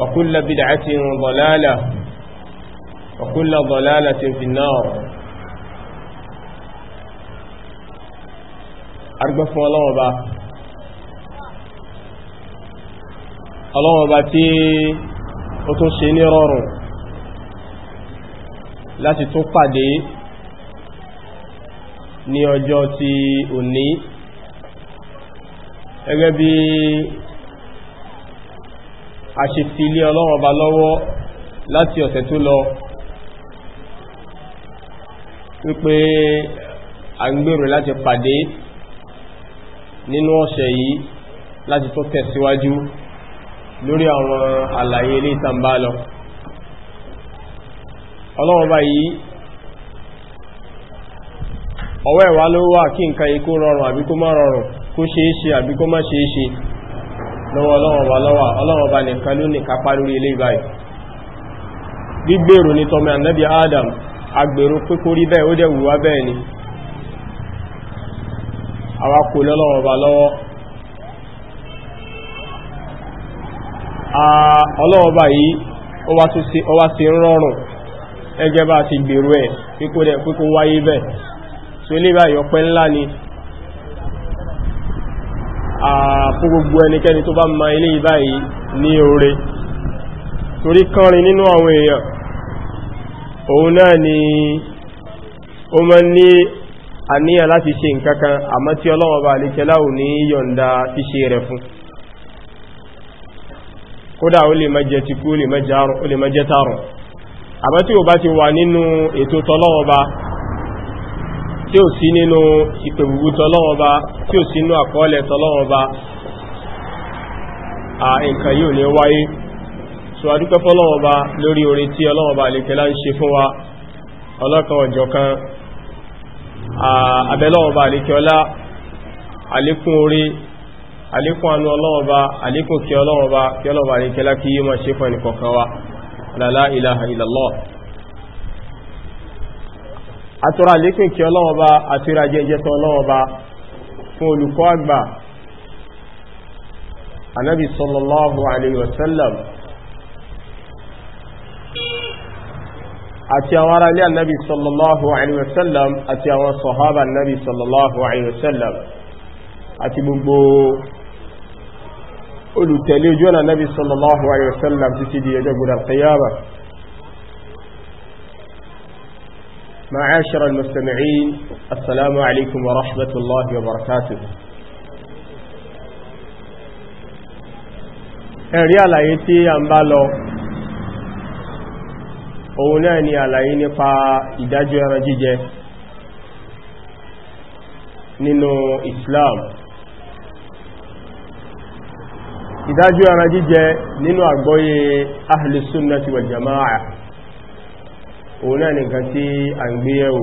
وكل بدعة ضلالة وكل ضلالة في النار أرجو الله وبا الله وبا تي أتوشيني رورو لا تتوقع دي ní ọjọ́ ti òní gẹ́gẹ́ bí a ṣe fi ilé ọlọ́run ọba lọ́wọ́ láti ọ̀sẹ̀ tó lọ wípé a ń gbèrò láti pàdé nínú ọ̀sẹ̀ yìí láti tó tẹ̀síwájú lórí àwọn àlàyé ilé ìtàmbá lọ ọlọ́run ọba yìí ọwọ́ ẹ̀wà ló wà kí nǹkan ikú rọrùn àbí má rọrùn kó ṣeéṣe àbí má ṣeéṣe lọ́wọ́ ọlọ́wọ́ba lọ́wọ́ ọlọ́wọ́ba nìkan ló ní kápá lórí ilé gbígbèrò ní Adam agbèrò pípò rí bẹ́ẹ̀ ó dẹ̀ wùwá bẹ́ẹ̀ ni àwa kò lọ́wọ́ yìí ó wá sí rọrùn fún gbogbo ẹnikẹ́ni tó bá ma ilé ìbáyìí ní oore torí kánrin nínú àwọn èèyàn òun náà ni ó mọ́ ní àníyàn láti ṣe nǹkankan àmọ́ tí Ọlọ́run bá lè tẹ́láwò ní yọ̀nda ti ṣe rẹ̀ fún kódà ó lè mẹ́jẹ ti kú ó lè mẹ́jẹ tààrùn àmọ́ tí ó bá ti wà nínú ètò tọ́lọ́run tí ó sí nínú ìpèbùgbù tọ́lọ́wọ́ba tí ó sí nínú àkọọ́lẹ̀ tọ́lọ́wọ́ba a nǹkan yíò ní wáyé so adúpẹ́ fọ́lọ́wọ́ba lórí orin tí ọlọ́wọ́ba àlèkẹ́lá ń ṣe fún wa ọlọ́kan ọ̀jọ̀kan abẹ́lọ́wọ́ba àlèkẹ́ọlá àlékún orí anú ọlọ́wọ́ba kí ọlọ́wọ́ba kí ọlọ́wọ́ba kí yíò ṣe fún ẹnìkọ̀ọ̀kan àtọ́rà lékún kí ọlọ́wọ́ba àti ìrajẹ́ ìjẹta ọlọ́wọ́ba fún olùkọ́ àgbà anábi sallallahu alayhi wa sallam àti àwọn ará ilé anábi sallallahu alayhi wa sallam àti àwọn sọ̀hábà anábi sallallahu alayhi wa sallam àti gbogbo olùtẹ̀lé ojú ọ̀nà anábi sallallahu معاشر المستمعين السلام عليكم ورحمة الله وبركاته ẹ̀rí àlàyé tí a ń bá lọ òun náà ni àlàyé nípa ìdájọ́ ẹran jíjẹ nínú Islam ìdájọ́ ẹran jíjẹ nínú àgbọ́yé ahlus sunnati wal jama'a òun náà nìkan tí a ń gbé yẹ̀wò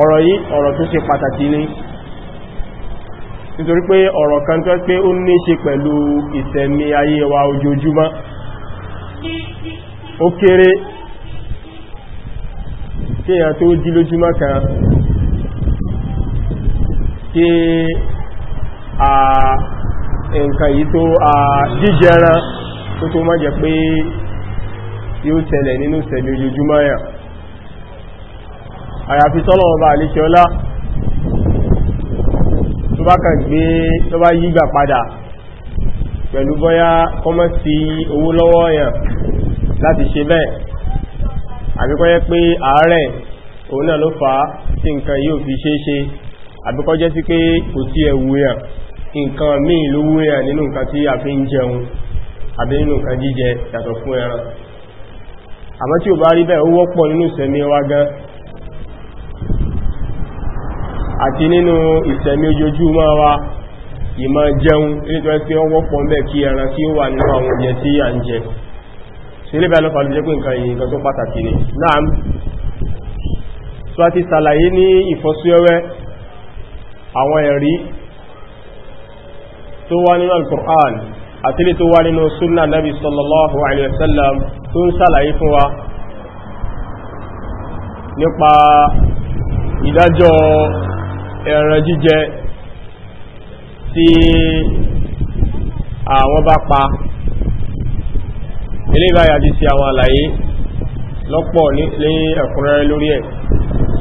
ọ̀rọ̀ yìí ọ̀rọ̀ tó ṣe pàtàkì ní nítorí pé ọ̀rọ̀ kan tó pé ó ní ṣe pẹ̀lú ìtẹ̀mí ayé wa ojoojúmọ́ ó kéré kí èyàn tó jí lójúmọ́ kan kí a nǹkan yìí tó a jíjẹran tó kó má jẹ pé yóò tẹ̀lẹ̀ nínú tẹ̀lẹ̀ ojoojúmọ́ yà àyàfi tọ́lọ̀ ọba àlékẹ́ ọlá tó bá kà gbé tó bá yígbà padà pẹ̀lú bọ́yá kọmọ́ sí owó lọ́wọ́ yàn láti ṣe bẹ́ẹ̀ àbíkọ́yẹ́ pé àárẹ̀ òun náà ló fà á tí nǹkan yóò fi ṣe àbíkọ́jẹ́ sí pé kò tí ẹ̀wú yàn nǹkan míì ló wú nínú nǹkan tí a fi ń jẹun àbí nínú nǹkan jíjẹ yàtọ̀ fún ẹran àmọ́ tí ò bá rí bẹ́ẹ̀ ó wọ́pọ̀ nínú ìsẹ̀mí wa gan àti nínú ìsẹ̀mí ojoojúmọ́ wa ìmọ̀ jẹun nítorí tí ó wọ́pọ̀ mẹ́ kí ẹran kí ó wà nínú àwọn oúnjẹ tó ni náà tó a ti sàlàyé ní ìfọ́síwẹ́wẹ́ wá nínú Al-Qur'an àtílé tó wá nínú súnnà nabi sallallahu alaihi wasallam tó ń sàlàyé fún wa nípa ìdájọ́ ẹran jíjẹ tí àwọn bá pa ilé ìbáyà ti sí àwọn àlàyé lọ́pọ̀ ní ẹ̀kúnrẹ́rẹ́ lórí ẹ̀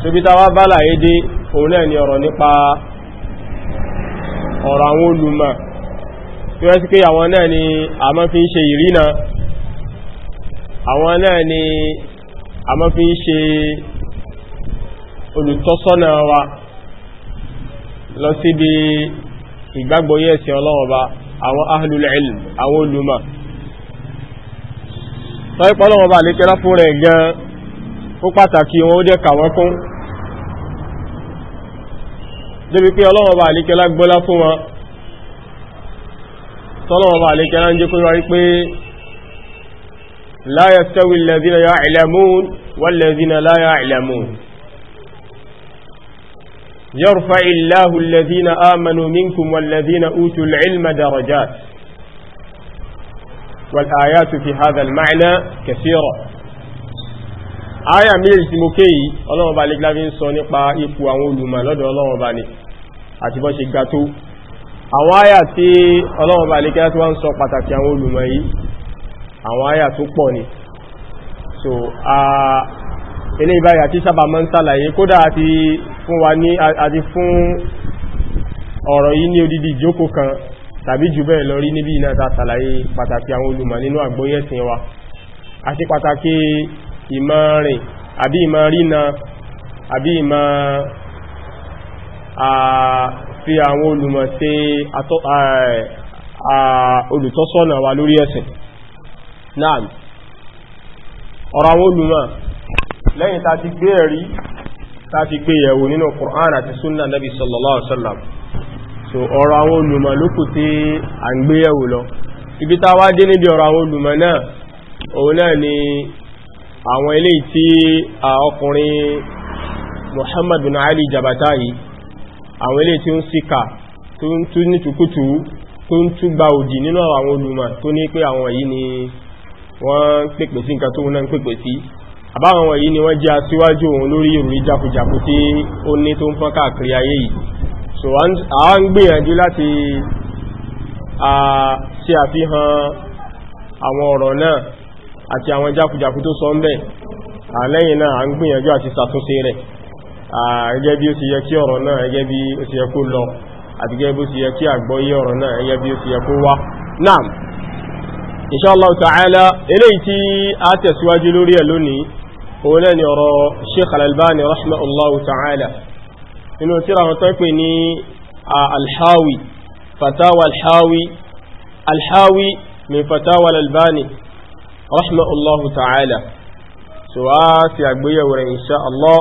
ṣobítà wá bá láyé dé òun náà ni ọ̀rọ̀ nípa ọ̀rọ̀ àwọn olùmọ̀ tí wọ́n sí pé àwọn náà ni a máa fi ń ṣe ìrìnà àwọn náà ni a máa fi ń ṣe olùtọ́sọ́nà wa lọ síbi ìgbàgbọ́yé ẹ̀sìn ọlọ́wọ́ba àwọn ahlul ilm àwọn olùmọ̀ tọ́ípọ́ ọlọ́wọ́ba lè fún rẹ̀ gan ó pàtàkì wọn ó jẹ́ kàwọn débi pé ọlọ́wọ́ba lè gbọ́lá fún wọn tọ́lọ̀wọ̀bà alékẹ́lá ń jẹ́ kó wáyé pé la yastawi alladhina ya'lamun walladhina la ya'lamun yarfa'u Allahu alladhina amanu minkum walladhina utul ilma darajat wal ayatu fi hadha al ma'na kathira aya méjì tí mo kéyìí ọlọ́wọ̀bà alékẹ́lá fi àwọn àyà tí ọlọ́run bá lè kẹ́lá tí wọ́n ń sọ pàtàkì àwọn olùmọ̀ yìí àwọn àyà tó pọ̀ ni so a ilé ìbáyà tí sábà mọ́ ń sàlàyé kódà àti fún wa ní àti fún ọ̀rọ̀ yìí ní odidi ìjókòó kan tàbí jù bẹ́ẹ̀ lọ rí níbi iná ta sàlàyé pàtàkì àwọn olùmọ̀ nínú àgbóyẹ̀sìn wa àti pàtàkì ìmọ̀ rìn àbí ìmọ̀ rínà àbí ìmọ̀ fi àwọn olùmọ̀ ṣe olùtọ́sọ́nà wa lórí ẹ̀sìn náà ọ̀rọ̀ àwọn olùmọ̀ lẹ́yìn ta ti gbé ẹ̀rí ta ti gbé yẹ̀wò nínú Qur'an àti súnnà nabi sallallahu alaihi wasallam so ọ̀rọ̀ àwọn olùmọ̀ ló kù tí a ń gbé yẹ̀wò lọ ni àwọn eléyìí tí ọkùnrin Ali Jabata yìí àwọn ilé tí ó ń síkà tó ń tú ní tukutu tó ń tú gba òdì nínú àwọn olùmọ̀ tó ní pé àwọn yìí ni wọ́n pèpè sí nǹkan tó wọ́n náà pèpè sí àbáwọn wọ̀nyí ni wọ́n jẹ́ aṣíwájú òun lórí ìròyìn jákujàku tí ó ní tó ń fọ́n káàkiri ayé yìí so a ń gbìyànjú láti ṣe àfihàn àwọn ọ̀rọ̀ náà àti àwọn jákujàku tó sọ ń bẹ̀ àlẹ́yìn náà gẹ́gẹ́ bí ó ti yẹ kí ọ̀rọ̀ náà gẹ́gẹ́ bí ó ti yẹ kó lọ àti gẹ́gẹ́ bí ó ti yẹ kí àgbọ́yé ọ̀rọ̀ náà gẹ́gẹ́ bí ó ti yẹ kó wá náà insha Allah eléyìí tí a tẹ̀síwájú lórí ẹ̀ lónìí ọ̀rọ̀ Sheikh àgbéyẹ̀wò rẹ̀ insha Allah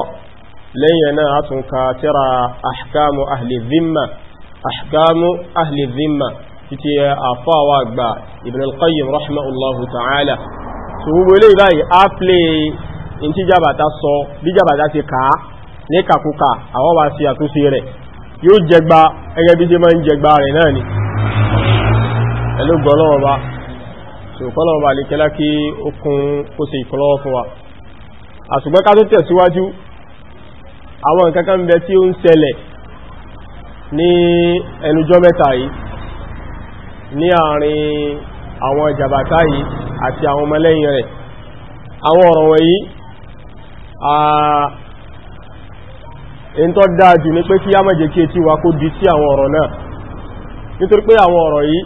lẹ́yìn náà a tún ka tírà ahkamu ahli dhimma ahkamu ahli dhimma títí àfáwà gba ibn al-qayyim rahimahullahu ta'ala tó gbogbo ilé ìbáyìí a plé in tí jàbàtà sọ bí jàbàtà ti kàá ní kàkúkà àwọn wá sí àtúnṣe rẹ̀ yóò jẹgba ẹgẹ́ bí jẹ máa ń jẹgba rẹ̀ náà ni ẹlú gbọ́lọ́wọ́ bá ṣòkọ́lọ́wọ́ bá lè kẹ́lá kí ó kún ó sì ìkọlọ́wọ́ fún wa àṣùgbẹ́ ká tó tẹ̀síwájú àwọn nǹkan kan bẹ tí ó ń ṣẹlẹ̀ ní ẹnujọ́ mẹ́ta yìí ní àárín àwọn jàbátá yìí àti àwọn ọmọlẹ́yìn rẹ̀ àwọn ọ̀rọ̀ wọ̀nyí in tó dáadù ní pé kí á mọ̀jẹ̀ kí etí wa kó di sí àwọn ọ̀rọ̀ náà nítorí pé àwọn ọ̀rọ̀ yìí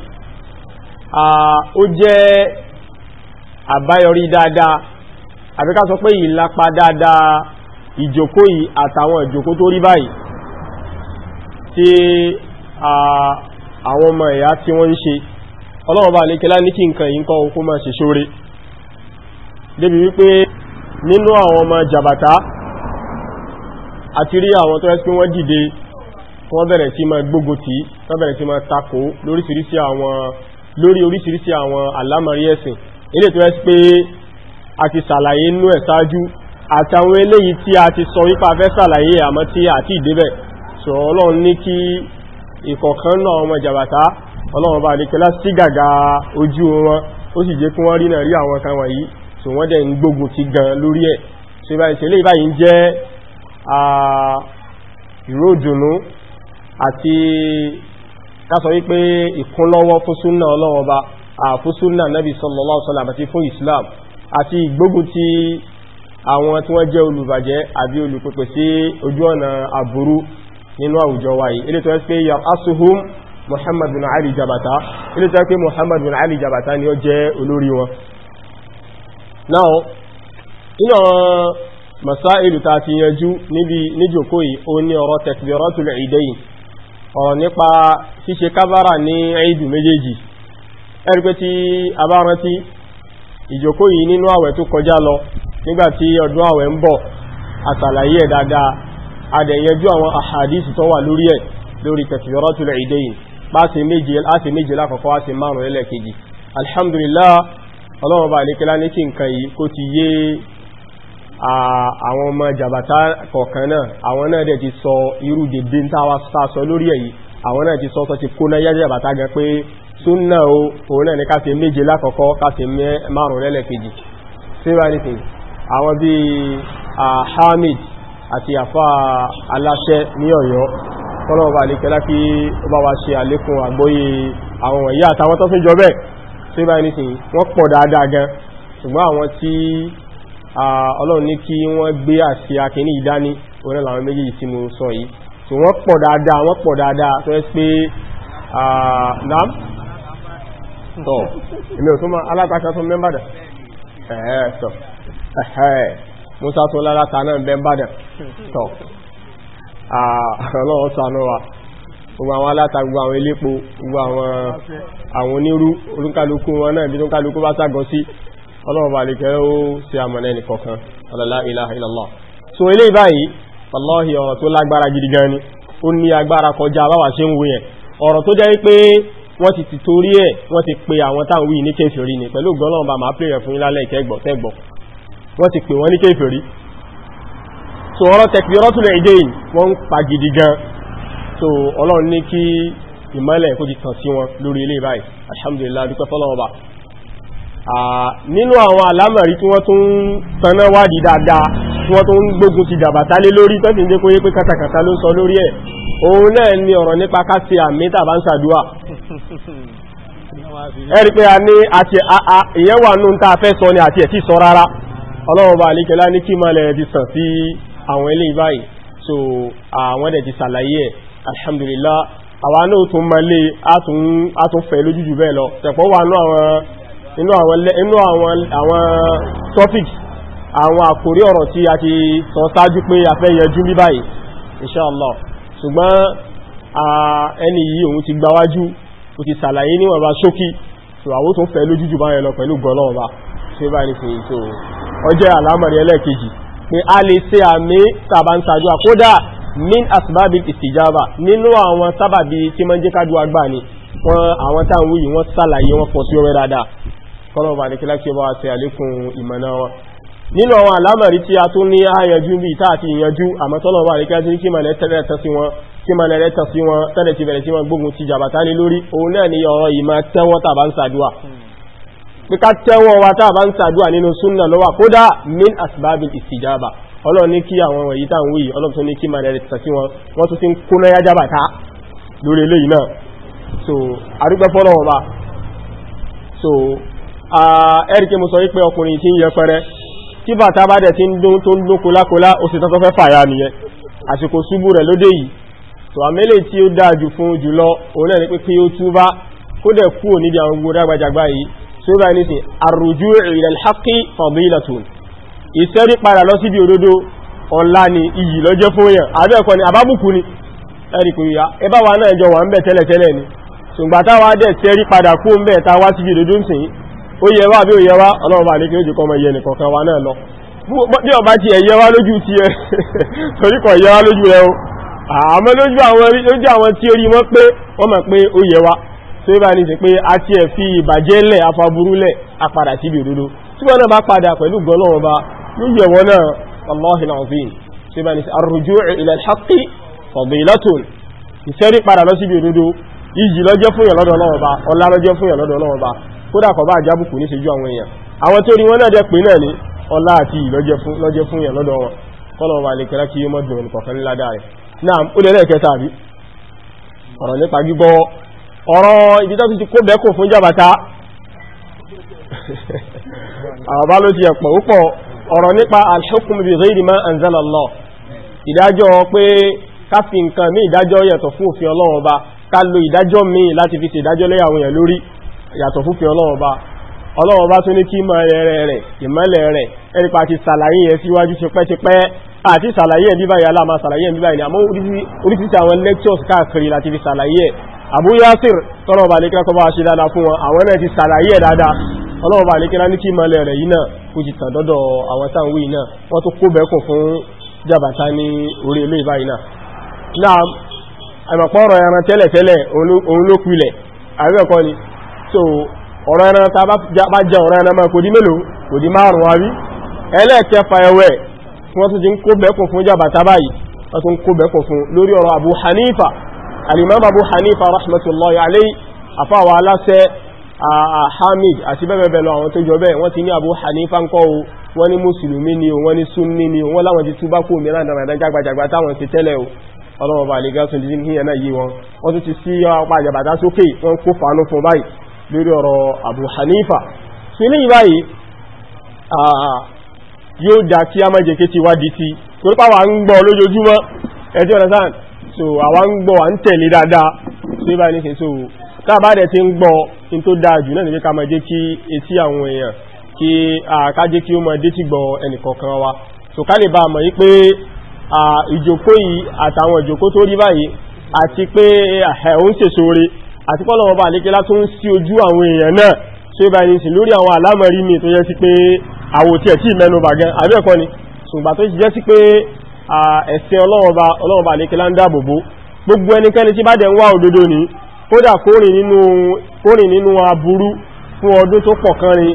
ó jẹ́ àbáyọrí dáadáa àbíká sọ pé ìlapa dáadáa ìjòkó yìí àtàwọn ìjòkó tó rí báyìí tí àwọn ọmọ ẹ̀yà tí wọ́n ń ṣe ọlọ́run bá lékelá ní kí nǹkan yìí ń kọ́ okó máa ṣe ṣóre débi wípé nínú àwọn ọmọ jàbàtá àti rí àwọn tó ẹ́sí pé wọ́n dìde wọ́n bẹ̀rẹ̀ sí máa gbógun tì wọ́n bẹ̀rẹ̀ sí máa takò lórí oríṣiríṣi àwọn àlámọ̀rí ẹ̀sìn ilé tó ẹ́sí pé a ti sàlàyé nú ẹ̀ sáájú àtàwọn eléyìí tí a ti sọ wípa fẹ́ sàlàyé àmọ́ tí a ti débẹ̀ so ọlọ́run ní kí ìkọ̀kan náà ọmọ jàbàtá ọlọ́run bá lékelá sí gàgà ojú wọn ó sì jẹ́ kí wọ́n rí náà rí àwọn kan wọ̀nyí so wọ́n dẹ̀ ń gbógun ti gan lórí ẹ̀ so ìbáyìí ṣe léyìí báyìí jẹ́ ìródùnú àti kásọ wípé ìkúnlọ́wọ́ fún súnà ọlọ́run ọba àfún súnà nábì sallallahu alaihi wasallam àti fún Islam àti ìgbógun ti àwọn tí wọ́n jẹ́ olùbàjẹ́ àbí olùpẹ̀pẹ̀ sí ojú ọ̀nà àbúrú nínú àwùjọ wa ilé tó ẹ́ pé yàr asuhum Muhammad bin Ali Jabata ilé tó ẹ́ pé Muhammad bin Ali Jabata ni ó jẹ́ olórí wọn náà iná masáìlù ta ti yanjú níbi níjòkó yìí ó ní ọ̀rọ̀ takbiratul idayn ọ̀rọ̀ nípa ṣíṣe kábára ní ìdù méjèèjì ẹ̀rí tí a bá rántí ìjòkó yìí nínú àwẹ̀ tó kọjá lọ nígbàtí ọdún àwẹ̀ ń bọ̀ àtàlàyé ẹ̀ dáadáa adẹ̀yẹjú àwọn àhàdìsì tó wà lórí ẹ̀ lórí takbiratul idayn pàṣẹ alhamdulillah ọlọ́run bá àlékẹ́lá ní kí nǹkan yìí kó ti yé àwọn ọmọ jàbàtà kọ̀ọ̀kan náà àwọn náà dẹ̀ ti sọ irú dèdè ń tàwà sọ lórí èyí àwọn náà ti sọ sọ ti kó náà yá jàbàtà gan pé súnnà o òun náà ní ká méje lákọ̀ọ́kọ́ ká márùn-ún lẹ́lẹ́kejì àwọn bí i Hamid àti àfá aláṣẹ ní ọ̀yọ́ kọ́lọ̀wọ̀ àlékẹ́lá kí ó bá wá ṣe àlékún àgbóyé àwọn wọ̀nyí àtàwọn tó fi jọ bẹ́ẹ̀ tí ó bá ní sí wọ́n pọ̀ dáadáa gan ṣùgbọ́n àwọn tí Ọlọ́run ní kí wọ́n gbé àti akíní ìdání orí làwọn méjì tí mo sọ yìí tí wọ́n pọ̀ dáadáa wọ́n pọ̀ dáadáa tó ẹ́ pé nam tọ́ ìmẹ́ òtún alátakà tó mẹ́mbàdà ẹ̀ẹ́ sọ ẹ̀hẹ́ musa tó lára ta náà bẹ́ ń bàdàn tọ̀ ọlọ́run sànú wa gbogbo àwọn aláta gbogbo àwọn elépo gbogbo àwọn onírú olúkálukú wọn náà bí olúkálukú bá ságọ sí bá lè sí àmọ̀nà illallah so ilé báyìí wallahi ọ̀rọ̀ tó lágbára gidi gan ni ó ní agbára kọjá báwa ṣe ń wo yẹn ọ̀rọ̀ tó jẹ́ pé wọ́n ti ti torí ẹ̀ wọ́n ti pe àwọn táwọn wí ní kéfèrí ni pẹ̀lú gbọ́nà ọba máa pèrè fún ilálẹ̀ ìkẹgbọ̀ wọ́n ti pè wọ́n ní kéfèrí so ọ̀rọ̀ takbiratul idain wọ́n ń pa gidi gan so ọlọ́run ní kí ìmọ́lẹ̀ kó ti tàn sí wọn lórí ilé báyìí alhamdulillah dúpẹ́ fọ́lọ́wọ́ba nínú àwọn alámẹ̀rí tí wọ́n tún tanná wádìí dáadáa tí wọ́n tún gbógun ti dàbàtà lé lórí tó ti ń jẹ́ kó yé pé kátàkátà ló sọ lórí ẹ̀ pé a ní àti ìyẹ́wà nù ń ta fẹ́ sọ ni àti ẹ̀ tí sọ rárá ọlọ́wọ́ bá alékẹ́lá ní kí máa lẹ́rẹ̀ ti sàn sí àwọn ilé ìbáyìí so àwọn ẹ̀dẹ̀ ti sàlàyé ẹ̀ alhamdulillah àwọn náà tún máa lè átún fẹ́ lójújù bẹ́ẹ̀ lọ tẹ̀pọ̀ wà nínú àwọn topic àwọn àkórí ọ̀rọ̀ tí a ti sọ sáájú pé a fẹ́ yẹjú ní báyìí inshallah ṣùgbọ́n ẹni yìí òun ti gbáwájú ó ti sàlàyé níwọ̀nba ṣókí so àwọn tó fẹ́ lójújù báyìí lọ pẹ̀lú gọ́lọ́ọ̀ba ṣe báyìí fi so ọjẹ́ àlámọ̀rí ẹlẹ́ẹ̀kejì pé a lè ṣe àmì tàbá ń sàdúwà kódà min asbabi istijaba nínú àwọn sábàbí tí mọ́ jẹ́ kádùwà gbà ní wọ́n àwọn tá ń wúyì wọ́n sàlàyé wọ́n fọ́ sí ọrẹ́ dáadáa kọ́nà bá nìkílá kí ọba ṣe àlékún ìmọ̀nà wọn nínú àwọn àlámọ̀rí tí a tún ní àyànjú bí ìta àti ìyànjú àmọ́ tọ́lọ̀ bá nìkílá ni ọ̀rọ̀ ìmọ̀ tẹ́wọ́ tàbá pé ká tẹ́wọ́ wa tá a bá ń sàdúwà nínú súnnà lọ́wà kódà min asbabi ìsìjába ọlọ́run ní kí àwọn wọ̀nyí tá ń wí ọlọ́run tó ní kí máa rẹ̀ tàbí wọn wọ́n tún ti ń kóná yá jábà ká lórí eléyìí náà so àdúgbẹ́ fọ́lọ́ wọn bá so ẹ̀rìkì mo sọ wípé ọkùnrin tí ń yẹpẹrẹ tí bàtà bá dẹ̀ ti ń dún tó ń dún kólákólá ó sì tọ́tọ́ fẹ́ fàyà nìyẹn àsìkò ṣubú rẹ̀ lóde yìí so àmẹ́lẹ̀ tí ó dáa jù fún jùlọ òun náà ní pé kí ó túbá kó dẹ̀ kúrò níbi àwọn gbogbo dágbàjàgbà yìí so bá ní sí àrùjú ìrìnlẹ̀ haqqi fadilatun ìsẹ́rí para lọ sibi òdodo ọ̀la ni iyì lọ́jọ́ fún èèyàn àbẹ́ẹ̀kọ́ ni ababuku ni ẹ̀rì ya. yá ẹbá wa náà jọ wà ń bẹ̀ tẹ́lẹ̀tẹ́lẹ̀ ni ṣùgbọ́n táwa dẹ̀ sẹ́rí padà kú ń bẹ̀ ta wá síbi òdodo ń sìn ó yẹ wá àbí ó yẹ wá ọlọ́run bá ní kí ó jù kọmọ yẹnì kọ̀ọ̀kan wa náà lọ bí ọba ti ẹ̀yẹ wá lójú ti ẹ torí kọ̀ yẹ wá lójú rẹ o àmọ́ lójú àwọn tí orí wọn pé wọ́n mọ̀ pé ó yẹ wá tó bá ní sí pé a ti ẹ̀ fi ìbàjẹ́ lẹ̀ afaburúlẹ̀ apadà síbi òdodo tí wọ́n náà bá padà pẹ̀lú gọ́lọ́wọ́n bá yíyẹ̀ wọ́n náà wallahi alazim tó bá ní sí ar-ruju' ila al-haqqi fadilatun ìṣẹ́rí padà lọ síbi òdodo ìjì lọ́jẹ́ fún yàn lọ́dọ̀ Ọlọ́run bá ọlá lọ́jẹ́ fún yàn lọ́dọ̀ Ọlọ́run bá kódà kọ̀ bá àjábùkù ní ṣojú àwọn èèyàn àwọn tó rí wọn náà jẹ́ pé náà ní ọlá àti ìlọ́jẹ́ fún yàn lọ́dọ̀ wọn kọ́lọ̀wọ́ bá lè kẹ́lá kí yóò mọ́ dùn ẹnìkọ̀ọ̀kan ńlá dáa rẹ̀ náà ó lè lẹ́ẹ̀kẹta àbí ọ̀rọ̀ nípa gbígbọ́ ọ̀rọ̀ ibi tó ti kó bẹ́kò fún jàbàtà àbá ló ti ẹ̀pọ̀ púpọ̀ ọ̀rọ̀ nípa al-hukm bi ghayri ma anzala Allah ìdájọ́ pé ká fi nǹkan ní ìdájọ́ yàtọ̀ fún òfin Ọlọ́run ọba ká lo ìdájọ́ míì láti fi ṣe ìdájọ́ lé àwọn èèyàn lórí yàtọ̀ fún òfin Ọlọ́run ọba Ọlọ́run ọba tún ní kí ìmọ̀lẹ̀ rẹ̀ ìmọ̀lẹ̀ rẹ̀ ẹnipa ti sàlàyé yẹn síwájú lectures káàkiri láti fi sàlàyé Abu Yasir tọ́lọ̀ bá lékẹ́ kọ́ ṣe dáadáa fún wọn àwọn náà ti sàlàyé ẹ̀ dáadáa bá lékẹ́ ní kí mọ́lẹ̀ rẹ̀ yìí náà kò jì tàn àwọn táwọn náà wọ́n tó kó bẹ́kùn fún ní orí ilé ìbáyìí náà ni so ta ẹran wọ́n tún ń kó bẹ́kùn fún jàbàtà báyìí wọ́n tún kó bẹ́kùn fún lórí ọ̀rọ̀ alimam abu hanifa rahmatullahi alayhi afáwà aláṣẹ hamid àti bẹ́ẹ̀bẹ́ẹ̀ lọ àwọn tó jọ bẹ́ẹ̀ wọ́n ti ní abu hanifa ń kọ́ o wọ́n ní mùsùlùmí ni o wọ́n ní sunni ni o wọ́n láwọn ti túbá kó mìíràn dáradára jágbàjàgbà táwọn ti tẹ́lẹ̀ o ọlọ́wọ́ bá lè gásùn dídí ní ẹ̀nà yìí wọn wọ́n tún ti sí ọpá àjàbàdá sókè wọ́n kó fàánú fún báyìí lórí ọ̀rọ̀ abu hanifa sí ìbáyìí yóò dá kí a má jẹ́ kí ti wá di ti torípàwà ń gbọ́ lójoojúmọ́ ẹjọ́ ọ̀nà sáà so àwa ń gbọ́ à ń tẹ̀lé dáadáa so ibà ní ṣe so tá a bá dẹ̀ ti ń gbọ́ in tó dáa jù náà ní pé ká máa jẹ́ kí etí àwọn èèyàn kí àkájẹ́ kí ó máa dé ti gbọ́ ẹnìkọ̀ọ̀kan wa so ká lè bá mọ̀ yí pé ìjòkó yìí àtàwọn ìjòkó tó rí báyìí àti pé ẹ̀hún ṣèṣore àti pọ́lọ̀wọ́ bá lékẹ́ látó ń sí ojú àwọn èèyàn náà so ibà ní sí lórí àwọn àlámọ̀rí mi tó yẹ sí pé àwòtí ẹ̀ tí mẹ́nu bàgán àbẹ́ẹ̀kọ́ ni ṣùgbà tó jẹ́ sí pé ẹ̀sẹ̀ ọlọ́run bá lékelá ń dáàbòbò gbogbo ẹnikẹ́ni tí bá dẹ̀ ń wá òdodo ní kódà kórìn nínú aburú fún ọdún tó pọ̀ kan rin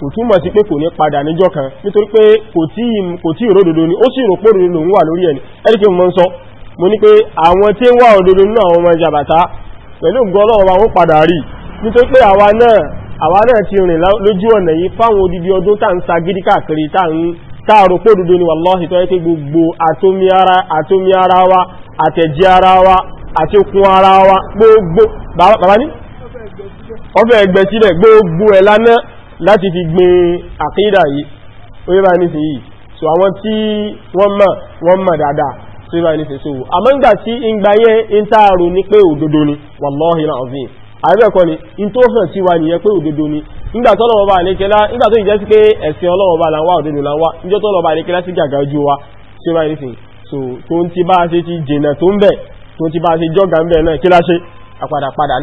kò túmọ̀ sí pé kò ní padà níjọ́ kan nítorí pé kò tí ìródòdó ní ó sì rò pé òdodo lòun wà lórí ẹni ẹ́ríkì mọ́ ń sọ mo ní pé àwọn tí ń wá òdodo nínú àwọn ọmọ ìjàbàtá pẹ̀lú ògbọ́ ọlọ́run wa wọ́n padà rí táàrò kó dúdú ni wàláhì tó yẹ pé gbogbo àtómi ara wa ara wa àti okun ara wa gbogbo bàbá ní ọfẹ́ ẹgbẹ́ sílẹ̀ gbogbo ẹ̀ lánà láti fi gbin àkídà yìí orí bá ní sí yìí so àwọn tí wọ́n mọ̀ wọ́n mọ̀ dáadáa àbẹ́ẹ̀kọ́ ni in tó hàn sí wa nìyẹn pé òdodo ni nígbàtọ́lọ́wọ́ba àlékẹ́lá nígbàtọ́ ìjẹ́ sí pé ẹ̀sìn ọlọ́wọ́ba làwà òdodo làwà níjọ́tọ́lọ́wọ́ba àlékẹ́lá sí gàgà ojú wa ṣe bá ìrísìn so tó ń ti bá ṣe ti jìnà tó ń bẹ̀ tó ń ti bá ṣe jọ́gà ń bẹ̀ náà kí láṣe àpadàpadà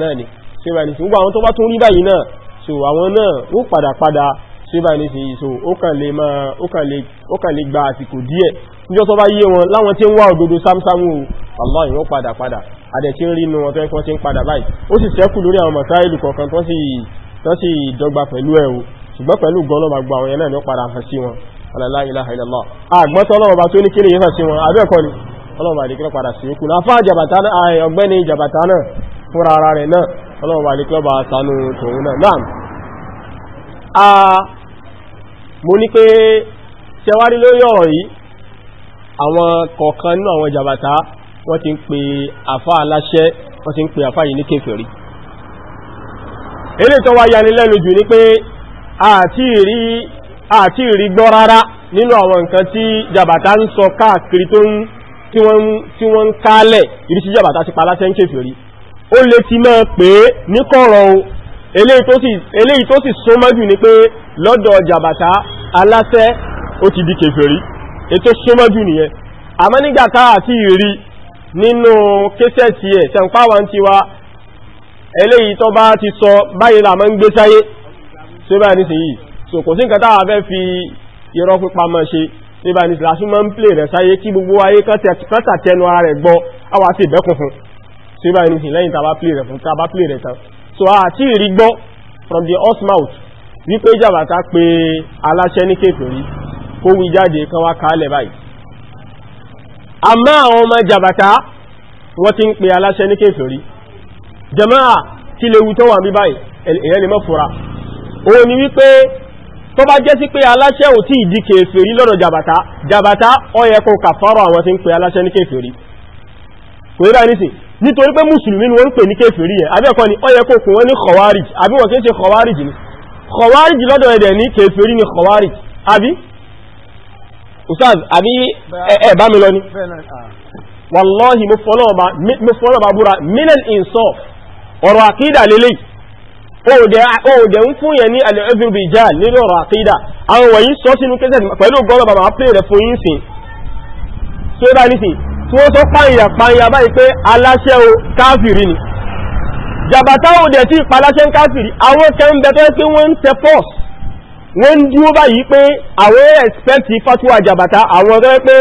so àwọn náà ó padàpadà ṣe bá so ó kàn lè máa ó kàn lè gba àsìkò díẹ̀ níjọ́ tó bá yé wọn láwọn tí ń wá àdẹ̀tí ń rí inú wọn tó ẹ́kọ́ tí ń padà báyìí ó sì sẹ́kù lórí àwọn mọ̀sáìlù kọ̀ọ̀kan tó sì dọ́gba pẹ̀lú ẹ̀wò ṣùgbọ́n pẹ̀lú gọ́nà gbogbo àwọn ẹ̀nà ni ó padà hàn sí wọn la ilaha illallah àgbọ́tọ́ ọlọ́run bá tó ní kí ni yífà sí wọn abẹ́ẹ̀kọ́ ni ọlọ́run bá dìkẹ́ padà sí ikú láfá jàbàtà náà ọgbẹ́ni jàbàtà náà fúnra ara rẹ̀ náà ọlọ́run bá dìkẹ́ bá sanú tòun náà náà a mo ní pé ṣẹwárí lórí ọ̀rọ̀ yìí àwọn kọ̀ọ̀kan nínú àwọn jàbàtà wọ́n ti ń pe àfá aláṣẹ wọ́n ti ń pe àfá yìí ní kéfèrí ilé tó wá yanilẹ́nu jù ní pé àti ìrí gbọ́ rárá nínú àwọn nǹkan tí jàbàtà ń sọ káàkiri tí wọ́n ń kálẹ̀ ìrísí jàbàtà ti paláṣẹ ń kéfèrí ó lè ti mọ́ pé ní kọ̀rọ̀ o eléyìí tó sì súnmọ́ jù ní pé lọ́dọ̀ jàbàtà aláṣẹ ó ti di kéfèrí ètò súnmọ́ jù nìyẹn àmọ́ nígbàtà àti ìrí nínú késẹ̀tì ẹ̀ tẹ̀m̀páwà ń ti wá eléyìí tó bá ti sọ báyìí là máa ń gbé sáyé tí ó bá ní sí yìí so kò sí nǹkan táwà fẹ́ fi irọ́ pípa mọ́ ṣe tí bá ní sí lásún máa ń plè rẹ̀ sáyé kí gbogbo ayé kọ́tà tẹnu ara rẹ̀ gbọ́ àwa sì bẹ́kùn fún tí ó bá ní sí lẹ́yìn tàbá plè rẹ̀ fún tàbá plè rẹ̀ tán so a ti rí gbọ́ from the horse mouth wípé jàbàtà pé aláṣẹ ní kéèkèrí kó wí jáde kan wá kálẹ̀ báyìí àmá àwọn ọmọ jàbàtá wọ́n ti ń pè aláṣẹ ní kéfèrí jàmáà kí léwu tó wà ní báyìí èyẹ́ lè mọ́ fura o ni wípé tó bá jẹ́ sí pé aláṣẹ ò tí ìdí kéfèrí lọ́dọ̀ jàbàtá jàbàtá ó yẹ kó kàfàrọ̀ àwọn tí ń pè aláṣẹ ní kéfèrí kò yẹ báyìí nísìn nítorí pé mùsùlùmí ni wọ́n ń pè ní kéfèrí yẹn àbí ẹ̀kọ́ ni ó yẹ kó kún wọn ní kọ̀wárìj àbí wọ́n kí ń ṣe kọ̀wárìj ni kọ̀wárìj lọ́dọ̀ ẹ̀dẹ̀ ní kéfèrí ni kọ̀wárìj àbí ustaz àbí ẹ bá mi lọ ni wallahi mo fọ́lọ̀ bá búra minal insof ọ̀rọ̀ àkídà lélẹ̀ òòdẹ̀ ń fún yẹn ní alẹ́ẹ̀dùn bíi já nínú ọ̀rọ̀ àkídà àwọn wọ̀nyí sọ sínú kẹsẹ̀ pẹ̀lú gọ́ọ̀lọ̀ bàbá pè rẹ̀ fún yín sìn tí ó bá ní sìn tí wọ́n sọ pààyàn pààyàn báyìí pé aláṣẹ o káfìrí ni jàbátá òòdẹ̀ tí ìpaláṣẹ ń káfìrí àwọn kẹ́ ń bẹ fẹ́ pé wọ́n ń tẹ pọ́ọ̀sì wọ́n ń dúró báyìí pé àwọn ẹ̀sìpẹ́ǹtì fatuwa jàbàtà àwọn ọ̀rẹ́ pé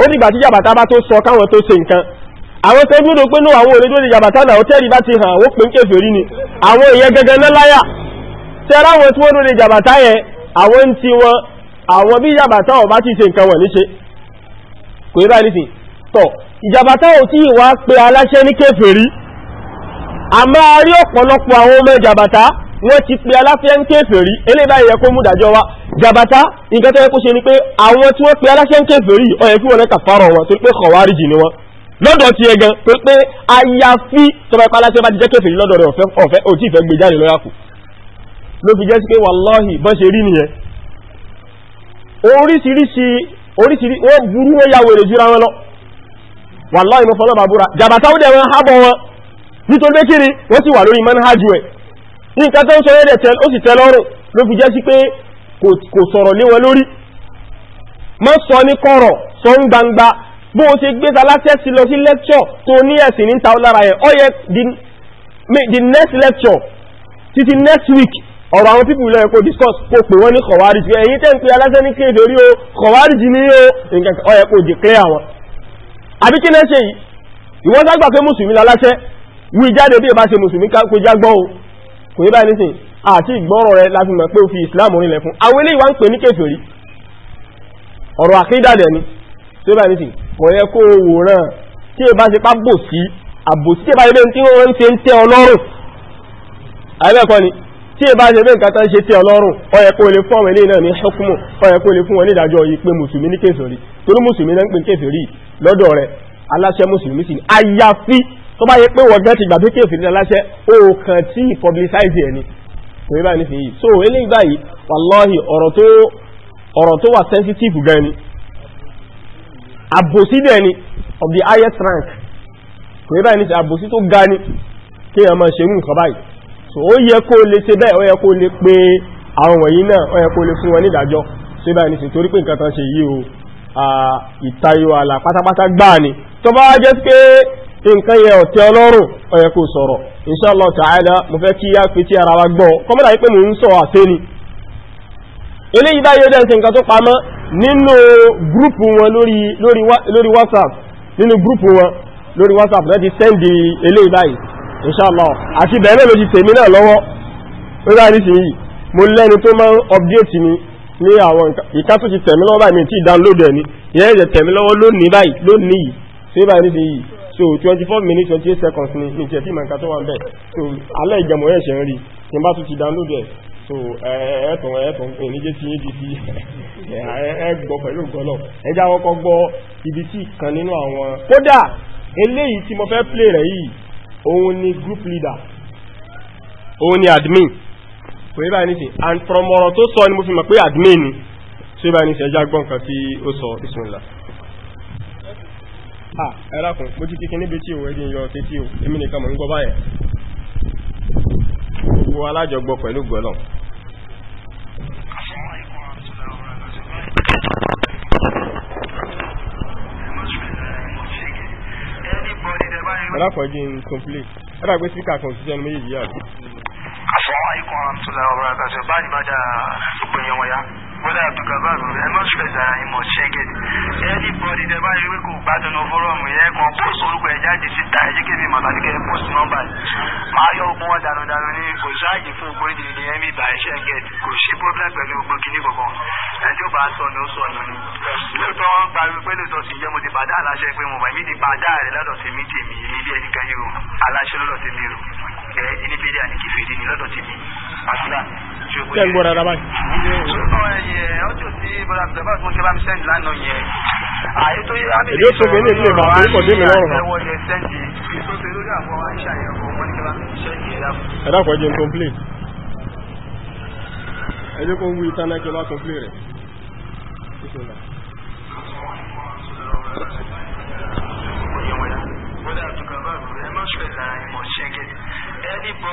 ó dìgbà tí jàbàtà bá tó sọ káwọn tó ṣe nǹkan àwọn tó dúró pé náà àwọn olódó jàbàtà náà tẹ́rì bá ti hàn ó pè ń kéfè rí ni àwọn èèyàn gẹ́gẹ́ lọ́láyà tẹ́rà wọn tí wọ́n lóde jàbàtà yẹn àwọn ń ti wọn àwọn bí jàbàtà ọba ti ṣe nǹkan wọ̀ níṣe kò ní báyìí nìsín tọ̀ ìjàbàtà ò tí ìwà pé aláṣẹ ní kéfè rí àmọ́ wọ́n ti pe aláfẹ́ ń kéfèrí eléyìí báyìí yẹ kó mú dájọ́ wá jàbátá nǹkan tó yẹ kó ṣe ni pé àwọn tí wọ́n pe aláfẹ́ ń kéfèrí ó yẹ kí wọ́n lẹ́ka fárọ̀ wọn tó pé kọ̀wárìjì ni wọ́n lọ́dọ̀ ti ẹ̀gàn tó pé àyàfi tọba ipa aláfẹ́ bá ti jẹ́ kéfèrí lọ́dọ̀ rẹ̀ ọ̀fẹ́ òtí ìfẹ́ gbé jáde lọ́yà kù ló fi jẹ́ sí pé wàláhì bọ́ ṣe rí nìyẹn oríṣiríṣi oríṣiríṣi wọ́n burú wọ́n ya wèrè jura wọn lọ wàláhì mo fọlọ́ bàbúra jàbátá ó dẹ̀ wọn hábọ̀ wọn nítorí pé kiri wọ́n sì wà lórí manhajù ẹ̀ nǹkan tó ń sọ yẹ́dẹ̀ tẹ́ ó sì tẹ́ lọ́rùn ló fi jẹ́ sí pé kò sọ̀rọ̀ lé wọn lórí mọ́ sọ ní kọ̀rọ̀ sọ ń gbangba bó o ṣe gbé saláṣẹ́ lọ sí lecture tó ní ẹ̀sìn ní taun lára ẹ̀ ọ yẹ the next lecture títí next week ọ̀rọ̀ àwọn pípù ilẹ̀ kò discuss kò pè wọ́n ní kọ̀wárì sí ẹ̀yìn tẹ́ ń pe aláṣẹ́ ní kéde orí o kọ̀wárì sí ní o ọ̀yẹ̀ kò declare àwọn àbí kí náà ṣe yìí ìwọ́n ságbà pé mùsùlùmí laláṣẹ́ wí jáde bí ìbá ṣe mùsùlùmí kó jágbọ́n o kò yí báyìí nísìn àti ìgbọ́rọ̀ rẹ láti mọ̀ pé ó fi islam orílẹ̀ fún àwọn eléyìí wá ń pè ní kèfèrí ọ̀rọ̀ àkídàdẹ̀ ni tó yí báyìí nísìn kò yẹ kó wòran tí ẹ bá ṣe pápò sí àbòsí tí ẹ bá ṣe bẹ́ẹ̀ tí wọ́n ń ṣe ń tẹ́ ọlọ́rùn àbẹ́ẹ̀kọ́ ni tí ẹ bá ṣe bẹ́ẹ̀ nǹkan tán ṣe tẹ́ ọlọ́rùn ó yẹ kó lè fún àwọn eléyìí náà ní ṣọ́kùmù ó yẹ kó lè fún wọn ní ìdájọ́ yìí pé mùsùlùmí ní kèfèrí torí mùsùlùmí náà ń pè ní kèfèrí lọ́dọ̀ rẹ̀ aláṣẹ mùsùlùmí sì ni àyàfi tó bá yẹ pé wọ́n gẹ́tì gbàgbé kí òfin aláṣẹ ó kàn tí publicize ẹni kò yẹ báyìí nísìnyí so eléyìí báyìí wàláhì ọ̀rọ̀ tó ọ̀rọ̀ tó wà sensitive gan ni àbòsí dẹ̀ ni of the highest rank kò yẹ báyìí nísìnyí àbòsí tó ga ni kí èèyàn máa ṣerú nǹkan báyìí so ó yẹ kó lè ṣe bẹ́ẹ̀ ó yẹ kó lè pé àwọn wọ̀nyí náà ó yẹ kó lè fún wọn ní ìdájọ́ ṣe báyìí nísìnyí torí pé nǹkan tán ṣe yìí o ìtayọ àlà pátápátá gbáà ni tó bá jẹ́ pé nǹkan yẹ ọ̀tẹ́ ọlọ́rùn ó yẹ sọ̀rọ̀ inshallah ta'ala mo fẹ́ kí á pè tí ara wa gbọ́ kọ́mọ́dà yìí pé mò ń sọ àtẹ́ ni eléyìí báyìí ó dẹ̀ ṣe nǹkan tó pamọ́ nínú gúrùpù wọn lórí lórí lórí whatsapp nínú gúrùpù wọn lórí whatsapp náà sẹ́ndì eléyìí báyìí inshallah àti bẹ̀rẹ̀ ló ti tèmi náà lọ́wọ́ ó dá ní sìn yìí mo lẹ́nu tó máa ń update mi ní àwọn ìka tó ti tẹ̀mí lọ́wọ́ báyìí mi ti download ẹ̀ ni ìyẹn ìjẹ̀ tẹ̀mí lọ́wọ́ lónìí báyìí lónìí yìí sí báyìí ní sìn yìí so 24 minutes 28 seconds ni ní tí ẹ̀ tí ma nǹkan tó wà ń bẹ̀ so alẹ́ ìjẹmọ̀ ẹ̀ ṣe ń rí tí n bá tún ti download ẹ̀ so ẹ̀ẹ̀tàn ẹ̀ẹ̀tàn ìníjẹ́ tí yé dìdí ẹgbọ́ pẹ̀lú gọ́lọ̀ ẹjá wọ́kọ́ gbọ́ ibi tí kan nínú àwọn kódà eléyìí tí mo fẹ́ play rẹ̀ yìí òun ni group leader òun ni admin kò yí báyìí nìsín and from ọ̀rọ̀ tó sọ ni mo fi mọ̀ pé admin ni so yí báyìí nìsín ẹjá gbọ́ nǹkan tí ó sọ bismillah à ẹ̀rákùn mójú kíkí níbi tí òun ẹ̀dín yọ títí o èmi nìkan mọ̀ ń gbọ́ báyẹ̀ gbogbo alájọgbọ́ pẹ̀lú gbọ́lọ̀ ẹ̀rákùn ẹ̀dín complete ẹ̀rà gbé síkà kan òṣìṣẹ́ méjì yàrá Assalamu alaikum warahmatullahi wabarakatuh báyìí bá dáa ìpínyẹ̀wọ̀n ya bọ́dà àbdùkàbà àbúrò ẹ má stress ara yín mọ̀ ṣẹ́gẹ̀ everybody tẹ bá rí wí kò gbádùn fọ́rọ̀mù yẹn kan post orúkọ ẹ̀ jáde síta ẹ̀ jẹ́ kébi màtà ní kẹ́ post nọ́mbà máa yọ ogun wọn dànù dànù ní kò sáàyè fún ogun ní ìdílé ẹ̀mí ìbà ẹ̀ṣẹ̀ gẹ̀ kò sí problem pẹ̀lú gbogbo kìíní kankan ẹjọ́ bá sọnù ó sọnù ni lóòótọ́ wọn pariwo pé lóòótọ́ sì jẹ́ mo ti bàdá aláṣẹ pé mo bàmí ti bàdá rẹ̀ lọ́dọ̀ tèmi tèmi ilé ẹni kan yìí o aláṣẹ lọ́dọ̀ tèmi o ẹ̀ ẹni bẹ́ẹ̀ ni àníkìfèdè ni lọ́dọ̀ tèmi àtúrà tẹ́ ń gbọ́ rárá báyìí. ọjọ́ tí bọ́lá bàbá tó ń ṣe bá mi sẹ́ǹdì lánàá yẹn àyè tó yẹ àmì ìlú tó bẹ̀rẹ̀ ìlú ìbá kò dé mi lọ́rùn. ẹ dákun ẹ jẹ́ n complete ẹ jẹ́ kó wú ìtàn náà kí wọ́n complete rẹ̀.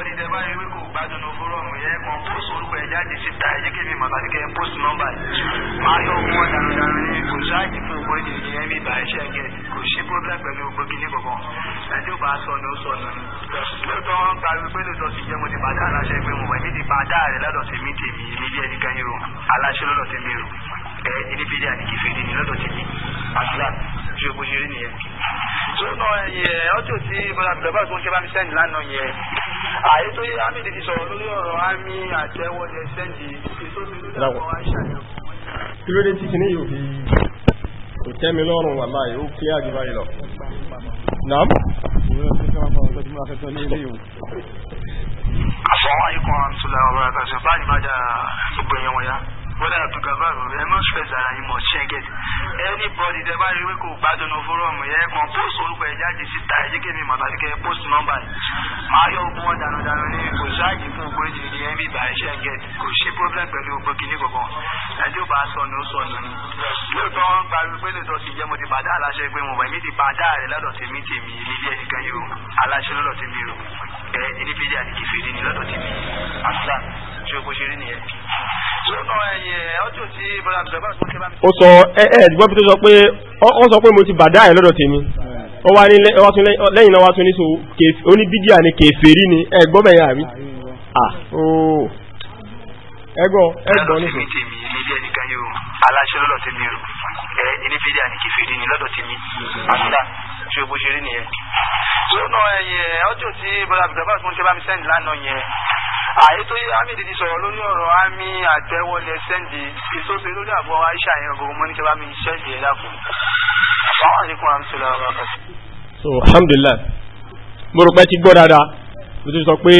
rí tẹ báyìí wí kò gbádùn fúrọ́ọ̀mù yẹn kan post orúkọ ẹ̀ jáde síta ẹ̀jẹ̀ kébì màtà ní kẹ́ post nọ́mbà yìí máa yọ fún wọn dáradára ní kò sáàjì fún ògbó ìdìbò yẹn ní ìgbà ẹ̀ṣẹ̀ yẹn kò sí problem pẹ̀lú gbogbo kíní kankan ẹni tó bá sọnù ó sọnù ni lóòótọ́ wọn gba wípé lóòótọ́ sì jẹ́ mo ti bàdá aláṣẹ pé mo wà ní ti bàdá rẹ̀ lọ́dọ̀ sí mi tèmi mi jẹ́ ẹni kan yìí aláṣẹ lọ́dọ̀ sí mi rò ẹ ẹni bí díà ní kìfé ní ní lọ́dọ̀ sí mi àṣìlá ṣe bó ṣe rí nìyẹn. tó náà ẹ ọjọ́ tí bọ́lá bìlọ́ bá tó ń ṣe bá mi sẹ́yìn lánàá yẹn àyè tó yẹ ámì ti sọ̀rọ̀ lórí ọ̀rọ̀ ámì àtẹ́wọ́jẹ sẹ́ǹdì ètò ìlú ìdáwọ̀ àṣàyàn. kí ló dé tí kìíní yóò fi kò tẹ́ mi lọ́rùn wà láàyè ó kí àjù báyìí lọ. naam. àfọwọ́ ayé kan àtúntò àwọn ọ̀rọ̀ àtàṣe báyìí má jà gbogbo ẹ̀yàn wọn yá bọ́dà àbúkàbá àbúrò ẹ má stress ara yín mọ̀ ṣẹ́gẹ̀t anybody tẹ bá rí wí kò gbádùn fórọ́ọ̀mù yẹn kan post orúkọ ẹ̀ jáde síta ẹ̀ jẹ́ kí mi màtàbí kẹ́ post nọ́mbà yìí máa yọ ogun wọn dànù dànù ní kò sáàyè fún ogun ètò ìdí ẹ̀mí ìgbà ẹ̀ ṣẹ́gẹ̀t kò sí problem pẹ̀lú ogun kìíní kankan ẹjọ́ bá sọnù ó sọnù ni lóòótọ́ wọn gba wípé lóòótọ́ ti jẹ́ mo ti bàdá aláṣẹ pé mo wà mí ti bàdá rẹ̀ lọ́dọ̀ tèmi tèmi níbi ẹnìkan yìí o aláṣẹ lọ́dọ̀ tèmi o ẹ̀ ẹ̀ẹ́dẹ́gbẹ́dẹ́ àti kìfèrè ni lọ́dọ̀ tèmi aslan ó sọ ẹ ẹ gbọ́ bí tó sọ pé ó sọ pé mo ti bàdá ẹ̀ lọ́dọ̀ tèmi ó wá ní lẹ́yìn náà wá tún ní so ó ní bídíà ni kèfèrí ni ẹ gbọ́ bẹ̀yà àbí ẹgbọ́ ẹgbọ́ ní sọ. aláṣẹ lọ́dọ̀ tèmi o ẹ ní bídíà ni kèfèrí ni lọ́dọ̀ tèmi àṣìlá ṣe bó ṣe rí nìyẹn. lọ́nà ẹ̀yẹ ọjọ́ tí bọ́lá bìtàbá tún ṣe bá mi sẹ́ǹdì lánàá yẹn àyè tó àmì tètè sọ̀rọ̀ lórí ọ̀rọ̀ àmì àtẹ́wọlé sẹ́ǹdì èso ṣe lórí àbọ̀ aisha yẹn gbogbo mọ́ ní kí bá mi sẹ́ǹdì ẹ̀ dákun. àwọn àlékún àmìsílẹ̀ ọ̀rọ̀ àkàtì. so alhamdulilah mo rò pé ti gbọ́ dáadáa mo ti sọ pé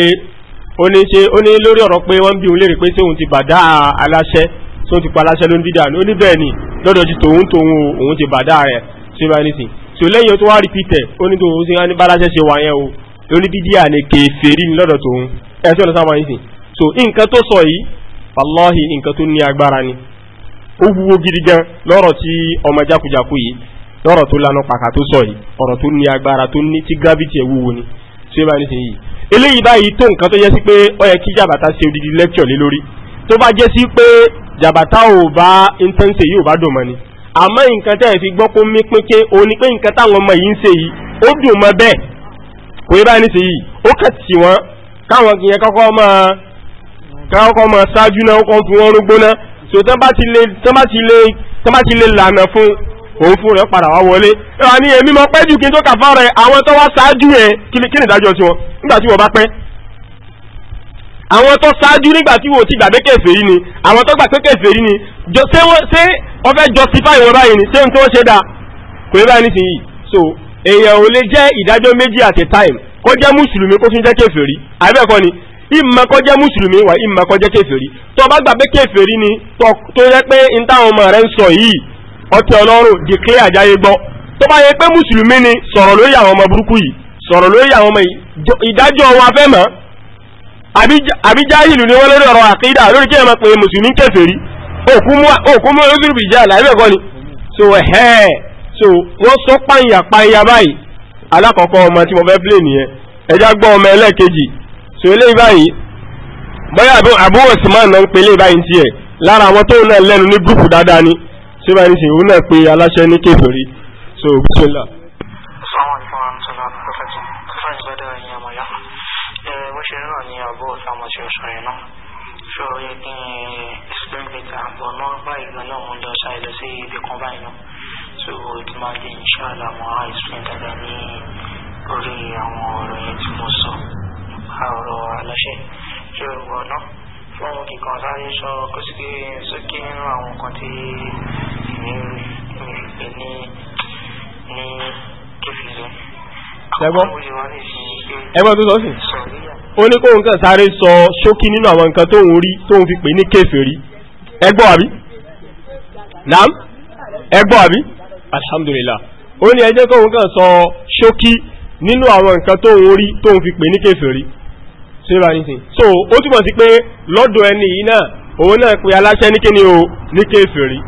ó ní ṣe ó ní lórí ọ̀rọ̀ pé wọ́n ń bi òun léèrè pé ṣé òun ti bàdá aláṣẹ tó ti pa aláṣẹ ló ń dídà ó ní bẹ́ẹ̀ ni lọ́dọ̀ ti tòun tòun òun ti bàdá rẹ̀ tòun ẹ̀sùn ọ̀nà sáwọn ìsìn so nǹkan tó sọ yìí wallahi nǹkan tó ní agbára ni ó wúwo gidi gan lọ́rọ̀ tí ọmọ jákujàku yìí lọ́rọ̀ tó lanu pàkà tó sọ yìí ọ̀rọ̀ tó ní agbára tó ní tí gravity ẹ̀ ni ṣé bá yìí eléyìí báyìí tó nǹkan tó yẹ sí pé ọ yẹ kí jàbàtà ṣe odidi lecture lé lórí tó bá jẹ́ sí pé jàbàtà ò bá intense yìí ò bá dùn mọ́ ni àmọ́ nǹkan tẹ́ fi o pé nǹkan táwọn ọmọ yìí ń ṣe wọn káwọn kìyẹn kọ́kọ́ máa kọ́kọ́ máa ṣáájú náà kọ́ fún wọn rúgbóná so tán bá ti lè lànà fún òun fún rẹ̀ padà wá wọlé ẹwà ní èmi mọ pẹ́ kí n tó kàfà rẹ̀ àwọn tó wá ṣáájú ẹ̀ kí ni ìdájọ́ tiwọn nígbà tí wọ́n bá pẹ́ àwọn tó ṣáájú nígbà tí wọ́n ti gbà pé kèfèrí ni àwọn tó gbà pé kèfèrí ni ṣé wọ́n fẹ́ justify wọn báyìí ni ṣé n tó ṣe dáa kò ní báyìí nísìnyí so èèyàn ò lè jẹ́ ìdájọ́ méjì at a time kó jẹ́ mùsùlùmí kó tún jẹ́ kèfèrí àbẹ́ẹ̀kọ́ ni ìmọ̀ kó jẹ́ mùsùlùmí wà ìmọ̀ kó jẹ́ kèfèrí tó bá gbà pé kèfèrí ni tó yẹ pé n táwọn ọmọ rẹ̀ ń sọ yìí ọtí ọlọ́run dìklẹ́ àjáyé gbọ́ tó bá yẹ pé mùsùlùmí ni sọ̀rọ̀ lórí àwọn ọmọ burúkú yìí sọ̀rọ̀ lórí àwọn ọmọ ìdájọ́ wọn afẹ́ mọ́ àbí jáhìlù ni wọ́n lórí ọ̀rọ̀ àkídà lórí kí ẹ máa pè mùsùlùmí kèfèrí òkú mú ọdún alákọ̀ọ́kọ́ ọmọ tí mo fẹ́ play nìyẹn ẹjá gbọ́ ọmọ ẹlẹ́ẹ̀kejì so eléyìí báyìí bóyá Abu Osman náà ń pe eléyìí báyìí tiẹ̀ lára àwọn tóun náà lẹ́nu ní gúrùpù dáadáa ni so báyìí nìsín òun náà pe aláṣẹ ní kèfèrí so bismillah. so so ìdí máa di inshallah mo á explain dáadáa ní lórí àwọn ọ̀rọ̀ yẹn tí mo sọ nípa ọ̀rọ̀ aláṣẹ ṣé orúkọ náà fún ohun kíkan sáré sọ kó sì gbé sókè nínú àwọn nǹkan tí èmi rí pé ní ní kẹfìrí. ẹgbọ́n ẹgbọ́n tó sọ sí ó ní kóhun kan sáré sọ ṣókí nínú àwọn nǹkan tóhun rí tóhun fi pè ní kẹfìrí ẹgbọ́n àbí naam ẹgbọ́n àbí alhamdulillah ó ní ẹjẹ́ kóhun kan sọ ṣókí nínú àwọn nǹkan tó ń rí tó ń fi pè ní kèfèrí ṣe bá ní so ó túmọ̀ sí pé lọ́dọ̀ ẹni yìí náà òun náà pé aláṣẹ ní kíni o ní kèfèrí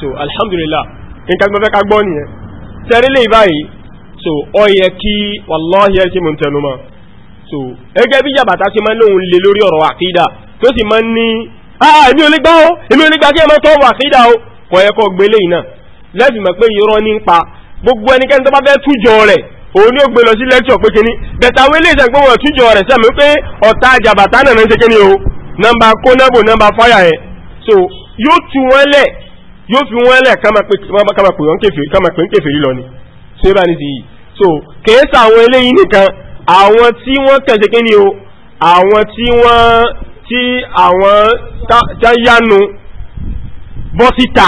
so alhamdulillah nǹkan gbọ́fẹ́ ká gbọ́ nìyẹn tẹ́rí lè báyìí so ó yẹ kí wallahi ẹ ṣe mọ̀ tẹnu mọ́ so gẹ́gẹ́ bí jàbàtà ṣe máa ń lóun lè lórí ọ̀rọ̀ àkídà tó sì máa ń ní ah, ah èmi ò lè gbà ó èmi ò lè gbà kí ẹ máa tọ́ ọ̀rọ̀ àkídà ó kọ̀ ẹ̀kọ́ gbélé yìí náà lẹ́bìí mọ̀ pé irọ́ ní ń pa gbogbo ẹnikẹ́ni tó bá fẹ́ tújọ rẹ̀ òun ni ó gbé lọ sí lẹ́kṣọ̀ pé kíní bẹ̀tà àwọn ilé ìṣẹ́gbọ́n wọn túnjọ rẹ̀ sẹ́mi pé ọ̀tá jàbàtà náà ń ṣe kíní o nọmba kónábò nọmba fáyà ẹ̀ so yóò tú wọn lẹ̀ yóò fi wọn lẹ̀ kama pè wọn kèfèrí kama pè ń kèfèrí lọ ni so ibà ní ti yìí so kèésà àwọn eléyìí nìkan àwọn tí wọ́n kàn ṣe kíní o àwọn tí wọ́n tí àwọn tá yánu bọ́síta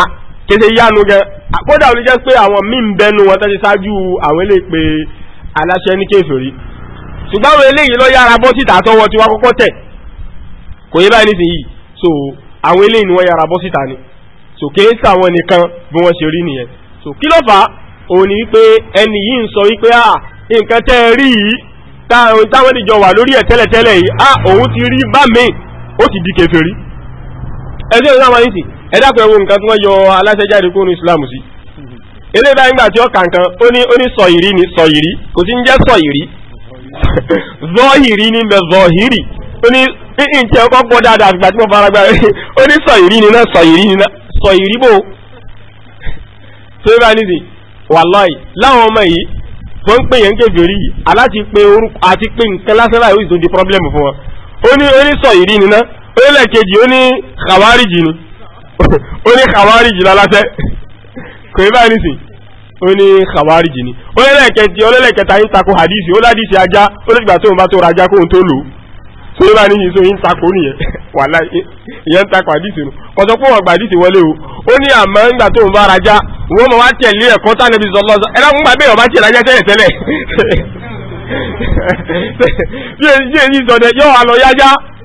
kése yánu gẹ kódà ó lè jẹ́ pé àwọn míì ń bẹnu wọn tẹ́sí ṣáájú àwọn eléyìí pé aláṣẹ ní kéfèrí ṣùgbọ́n àwọn eléyìí lọ yára bọ́ síta tọwọ́ tiwa kọ́kọ́ tẹ̀ kò yẹ báyìí nísìnyí so àwọn eléyìí ni wọ́n yára bọ́ síta ni so kéé sàwọn nìkan bí wọ́n ṣe rí nìyẹn so kí ló fà á òun ni wípé yìí ń sọ wípé à ah, nǹkan tẹ́ ẹ rí yìí táwọn ìjọ wà lórí ẹ̀ tẹ́lẹ̀tẹ́lẹ̀ yìí à ah, òun ti rí bá mi ó ti di kèfèrí ẹ̀sìn ìlú àwọn yìí ẹ̀dá pẹ̀ wo nǹkan tí wọ́n yọ aláṣẹ jáde kúrò islam sí eléyìí báyìí nígbà tí ó kà nǹkan ó ní ó ní sọ̀yìrí ni sọ̀yìrí kò sí ń jẹ́ sọ̀yìrí zọ́hìrí ni bẹ̀ zọ́hìrí ó ní ìǹtẹ̀ ọkọ̀ pọ̀ dáadáa àgbà tí mo fara gbà ó ní sọ̀yìrí ni náà sọ̀yìrí ni náà sọ̀yìrí bò tó bá nídìí wàláì láwọn ọmọ yìí tó ń pè yẹn ń yìí aláti pé orúkọ àti pé nǹkan lásán láì ó sì onílẹ̀kejì oni ní kàwárìjì ni ó ní kàwárìjì lálásẹ́ kò ní báyìí nísìn ó ní kàwárìjì ni onílẹ̀kejì onílẹ̀kẹta ń tako hadisi ó ládìsí ajá ó lè gbà tó ń bá tó ra ajá kóhun tó lò ó tó ní báyìí nísìn tó ń tako nìyẹn wàhálà ìyẹn ń tako hadisi nu kọ̀sọ́ pé wa gba hadisi wọlé o ó ní àmọ́ ńgbà tó ń bá ra ajá wọ́n mọ̀ wá tẹ̀lé ẹ̀kọ́ tánàbí sọlọ́sọ ẹ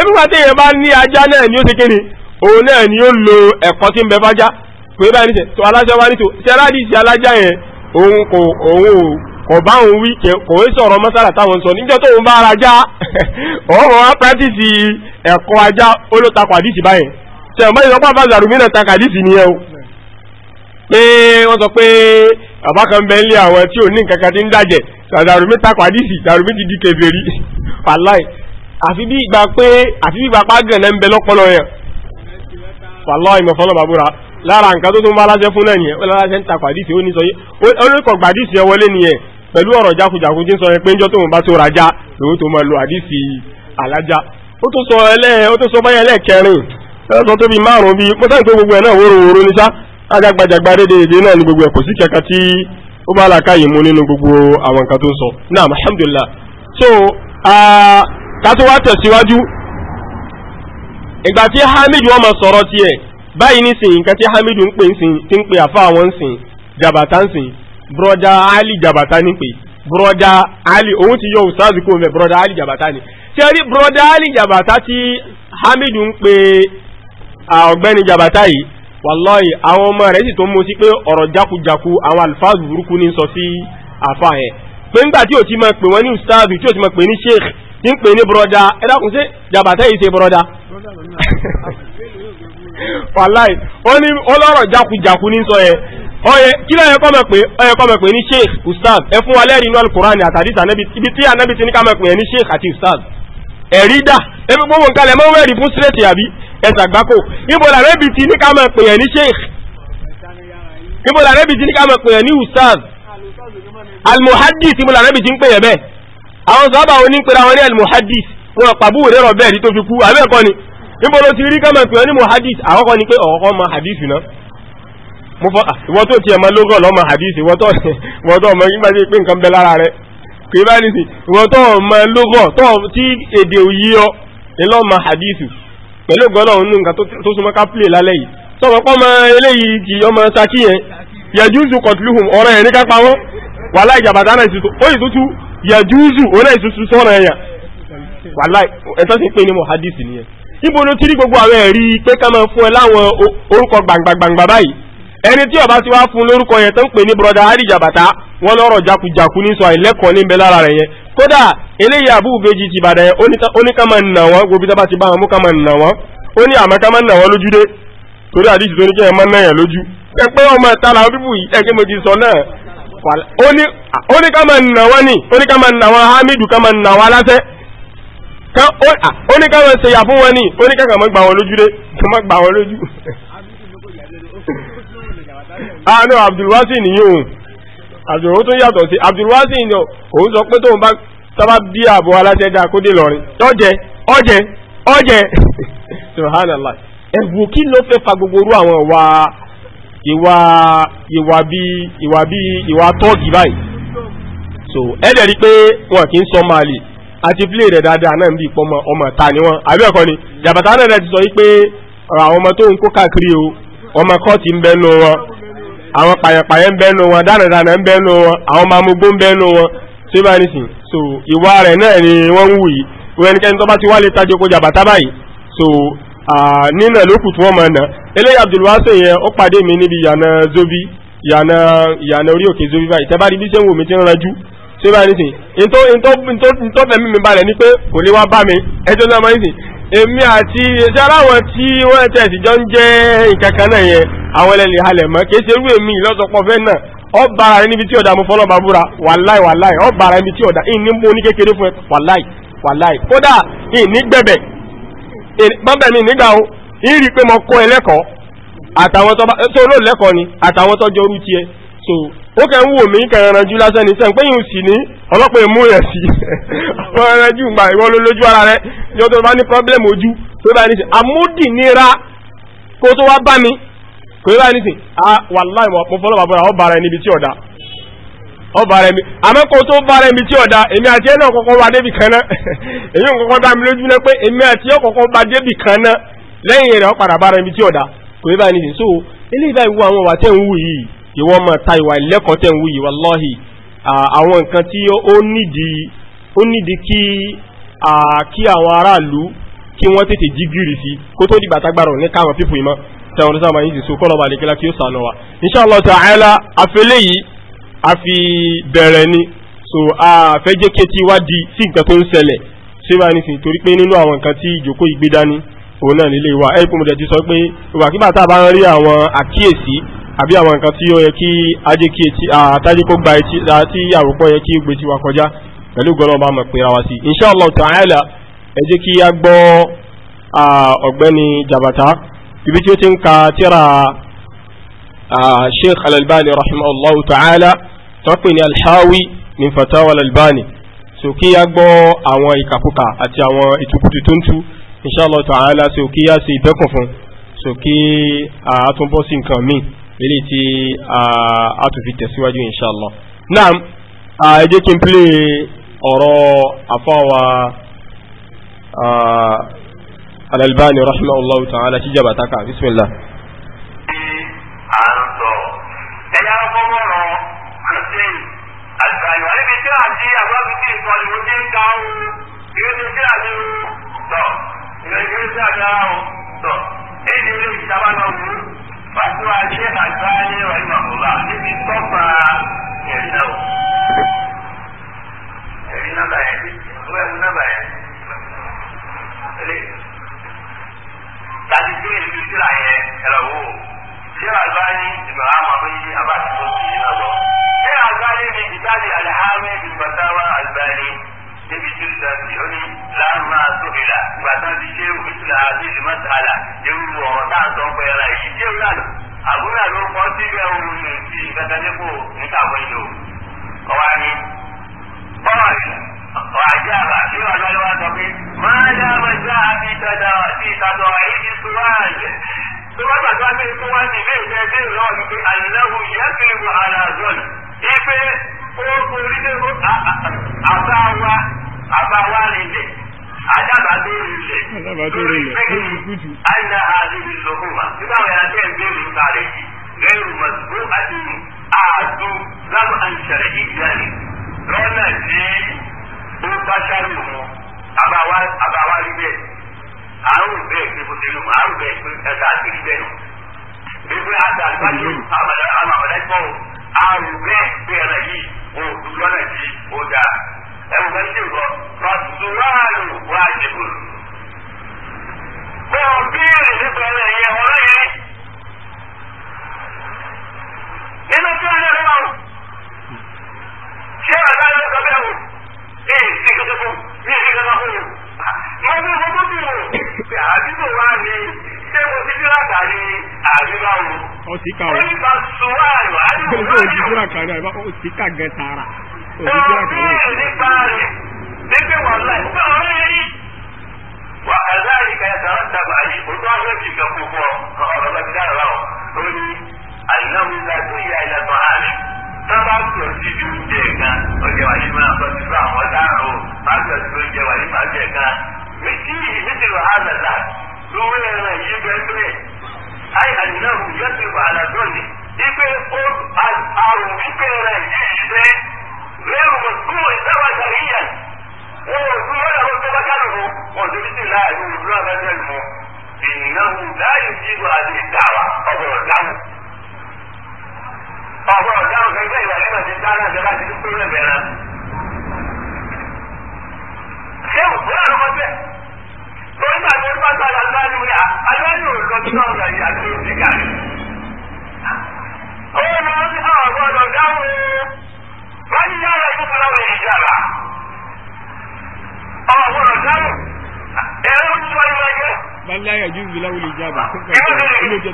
ebi wá téèyàn bá ní ajá náà ni ó ṣe kéde òun náà ni ó lo ẹ̀kọ́ tí ń bẹ fájá pé báyìí níṣẹ́ tó aláṣẹ wá nítò ṣẹ́rádì sí alájá yẹn òun kò òun ò kò bá òun wí kò ń sọ̀rọ̀ mọ́sálà táwọn sọ níjọ́ tó ń bá ara já ọ̀rọ̀ wá pírátìsì ẹ̀kọ́ ajá olótakọ̀ àdìsí báyìí ṣe ọ̀gbọ́n ìsọpá fàzàrù mí náà takọ̀ àdìsí nìyẹn o pé wọ́n sọ pé bàbá kan bẹ nílé àwọn tí ò ní nǹkan kan ti ń dàjẹ́ fàzàrù mí takọ̀ àdìsí fàzàrù mí ti di kèfèrí wàláì àfi bí ìgbà pé àfi bí ìgbà pàgàn lẹ́ ń bẹ lọ́pọ̀lọ́ yẹn wàlọ́ ìmọ̀fọ́lọ́ bàbúrà lára nǹkan tó tún bá aláṣẹ fún náà nìyẹn ó láláṣẹ ń takò àdìsí ó ní sọ yé oríkọ̀ gbàdìsí ẹ wọlé nìyẹn pẹ̀lú ọ̀rọ̀ jákujàku tí ń sọ yẹn pé ń jọ́ tóun bá tó rajá lòun tó máa lo àdìsí alájá ó tó sọ ẹlẹ́ ó tó sọ báyẹn ẹlẹ́ẹ̀kẹrin ẹlẹ́sọ tó bí márùn-ún bí mo sáyìn gbogbo ẹ̀ náà wóró wóró ní sá ajagbajagba dédéédé náà ní gbogbo ẹ̀ kò sí kẹka tí ó bá làákàyè mú nínú gbogbo àwọn nǹkan tó ń sọ náà alhamdulillah so ah, kátó wá tẹ̀síwájú ìgbà tí hamidu wọn máa sọ̀rọ̀ tiẹ̀ báyìí nísìnyí nǹkan tí hamidu ń pè ń sìn tí ń pè àfa àwọn sìn jabata ń sìn broda ali jabata ní pè broda ali òun ti yọ ustaz kó mẹ broda ali jabata ni ṣé broda ali jabata tí hamidu ń pè ọ̀gbẹ́ni jabata yìí wàláhì àwọn ọmọ rẹ̀ sì tó mú sí pé ọ̀rọ̀ jákujàku àwọn alifásù burúkú ní sọ sí àfa yẹn pé ńgbà tí ò ti máa pè wọ́n ní ustaz tí ò ti máa pè ní sheikh ń pè ní bọ́rọ̀dá ẹ dákun sí jàbàtà yìí ṣe bọ́rọ̀dá wàláì ó ní ọlọ́rọ̀ jákujàku ní sọ yẹn ọyẹ kí ló yẹ kọ́ mọ̀ pé ọyẹ kọ́ mọ̀ pé ní sheikh ustaz ẹ fún wa lẹ́rìí inú alukurani àtàdìsí anabi ibi tí anabi ti ní ká mọ̀ pé ní sheikh àti ustaz ẹ̀rí dà ebi gbogbo nǹkan lẹ̀ mọ́ wẹ̀rí fún sílẹ̀tì àbí ẹ̀sà gbáko ibo làrẹ́ bi ti ní ká mọ̀ pé ní sheikh ibo làrẹ́ bi ti ní ká mọ̀ pé ní ustaz almuhadis ibo làrẹ́ bi ti ń pè yẹ bẹ́ẹ̀ àwọn sábà wọn ní pẹ̀lú àwọn ní al-muhaddis wọn pàbú rẹ̀ rọ̀ bẹ́ẹ̀ rí tó fi kú abẹ́ẹ̀kọ́ ni níbo ló ti rí kẹ́mọ̀ pé ní muhaddis àkọ́kọ́ ni pé ọ̀kọ́ ma hadith náà mo fọ́ ah, ìwọ́n tó ti ẹ̀mọ lógọ́ lọ́mọ hadith ìwọ́n tó ọmọ yípa sí pé nǹkan bẹ lára rẹ̀ pé bá ní sí ìwọ́n tó ọmọ lógọ́ tó tí èdè òyí ọ ìlọ́mọ hadith pẹ̀lú gọ́nà òun tó yàjúùzù òun náà ìtútù sọ́rọ̀ ẹ̀yà wàláì ẹ̀tọ́ ti ń pè ní mọ̀ hadisi nìyẹn níbo ló ti rí gbogbo àwọn ẹ̀rí pé ká máa fún ẹ láwọn orúkọ gbàǹgbàǹgbà báyìí ẹni tí ọba ti wá fún lórúkọ yẹn tó ń pè ní broda ali jabata wọn lọ́rọ̀ jakujaku ní sọ àìlẹ́kọ̀ọ́ níbẹ̀ lára rẹ̀ yẹn kódà eléyìí àbúrò bèjì ti bàdà yẹn ó ní ká máa nà wọn gbogbo ìjọba ti bá wọn mú ká máa nà wọn ó ní àmọ́ ká máa nà wọn lójúdé torí àdìsí tó ní kí ẹ máa nà yẹn lójú ẹ pé ọmọ ìta làwọn bíbù yìí ẹ kí mo ti sọ náà ó ní ká máa nà wọ́n ní ó ní ká máa nà wọ́n hamidu ká máa nà wọ́n oni ó ní ká máa ṣèyà fún wọn ní wọn lójú dé ká máa gbà wọn lójú. àánú ah, abdulwasi ni òun àbdùrú tó yàtọ̀ sí abdulwasi ni òun sọ pé tóun bá sábà bí ààbò aláṣẹ dáa kó dé lọrin ọjẹ ọjẹ ọjẹ subhanallah ẹ̀bùn kí ló fẹ́ fa gbogbo orú àwọn wa ìwà ìwà bí ìwà bí ìwà tọ́ọ̀gì báyìí so ẹ̀dẹ̀ rí pé wọn kì í sọ máa lè àti play rẹ̀ dáadáa náà ń bí ìpọ́nmọ ọmọ ta ni wọn àbí ẹ̀kọ́ ni jàbàtà náà rẹ̀ ti sọ wípé àwọn ọmọ tó ń kó káàkiri o ọmọ kọ́ọ̀tì ń bẹ́nu wọn àwọn pàyẹ̀pàyẹ̀ ń bẹ́nu wọn dánadáná ń bẹ́nu wọn àwọn ọmọ amugbó ń bẹ́nu wọn tí bá ní sìn so ìwà rẹ̀ náà ni wọ́n ń wù yìí nínà lókù tí wọ́n máa nà eléyìí abdulwasa yẹn ó pàdé mi níbi yànà zobi yànà yànà orí òkè zobi báyìí tẹ́ bá rí bí ṣe ń wò mí tí ń ranjú ṣé bá ní sìn ntọ́ fẹ̀mí mi balẹ̀ ni pé kò lè wá bá mi ẹjọ́ náà máa ń sìn èmi àti ẹ̀ṣẹ́ aláwọ̀ tí wọ́n tẹ̀ sí jọ ń jẹ́ ìkankan náà yẹn àwọn ẹlẹ́lẹ̀ halẹ̀ mọ́ kìí ṣe irú èmi ìlọ́sọpọ̀ fẹ́ náà ọ bára rẹ níbi tí ọ̀dà mo fọ́lọ́ babúra wàláì wàláì ọ bára níbi tí ọ̀dà ìní mo ní fún ẹ wàláì wàláì kódà ìní gbẹ̀bẹ̀ bọ́bẹ̀ mi nígbà o ń rí i pé mo kọ́ ẹ lẹ́kọ̀ọ́ àtàwọn tó tó ló lẹ́kọ̀ọ́ ni àtàwọn tó jọrú tiẹ̀ so ó kẹ́ ń wò mí kẹ́ ẹranjú lásán ní sẹ́yìn pé yìí sì ní ọlọ́pàá èmú rẹ̀ sí ọ̀rọ̀ ẹranjú gbà ìwọ ló lójú ara rẹ̀ yóò tó bá ní pọ́blẹ́mù ojú tó bá ní sè amúdìníra kó tó wá bá mi kò ní bá ní sè ah wàláì mo fọlọ́ bàbá rà ó bára ẹni ibi tí ọ̀dà ọba rẹ mi àmọ́ kó tó bá rẹ mi tí ọ̀dà èmi àti ẹ̀ náà kọ́kọ́ wá débi kan náà èyí kọ́kọ́ dá mi lójú náà pé èmi àti ẹ̀ kọ́kọ́ bá débi kan náà lẹ́yìn rẹ̀ ọ̀padà bá rẹ mi tí ọ̀dà kò yẹ báyìí nìyí so eléyìí báyìí wo àwọn ìwà tẹ̀ ń wù yìí ìwọ ọmọ ta ìwà ìlẹ́kọ̀ọ́ tẹ̀ ń wù yìí wàláhì àwọn nǹkan tí ó nídìí ó nídìí kí kí àwọn aráàlú kí wọ́n tètè jí gírì sí kó tó dìgbà tágbàrọ̀ ní káwọn pípò ìmọ̀ tẹ̀wọ̀n tó sábà yìí sì so kọ́ lọ́ba àlekẹ́lá kí ó sànù wa. inshallah ta'ala àfẹlẹ́ yìí a fi bẹ̀rẹ̀ ni so a fẹ́ jẹ́ kí etí di sí nǹkan tó ń ṣẹlẹ̀ ṣé bá nísìnyí torí pé nínú àwọn nǹkan tí ìjókòó yìí gbé dání òun náà nílé wa ẹ̀yìn pọ̀mọ̀dé ti sọ pé ìwà kígbà tá a bá ń rí àwọn àkíyèsí àbí àwọn nǹkan tí ó yẹ kí ajé kí etí àtàjẹ́ kó gba etí àti àròpọ̀ yẹ kí gbé tiwa kọjá pẹ̀lú gọ́nà ọba mọ̀ pera wa sí insha Allah ta'ala ẹ jẹ́ kí a gbọ́ ọ̀gbẹ́ni jabata ibi tí ó ti ń ka tíra sheikh al rahimahullahu ta'ala tọ́pẹ́ ní alhawi ní fatawa lalbani so kí a gbọ́ àwọn ìkàkùkà àti àwọn ìtukutu tó ń tú inshallah ta'ala so kí a ṣe ìbẹ́kùn fún so kí a tún bọ́ sí nǹkan míì ilé tí a tún fi tẹ̀síwájú inshallah naam ẹ jẹ́ kí n plé ọ̀rọ̀ àfáwà alalbani rahimahullahu ta'ala tí jẹ́ bàtàkà bismillah. الدين الثاني وانا بيتاع دي ابواب الدين قال ودين داو يقول بيتاع دي تو يقول بيتاع داو تو ايه دي اللي بيتابع نوم فتوى الشيخ الثاني رحمه الله اللي بيتوفى يرينه يرينه لا يدي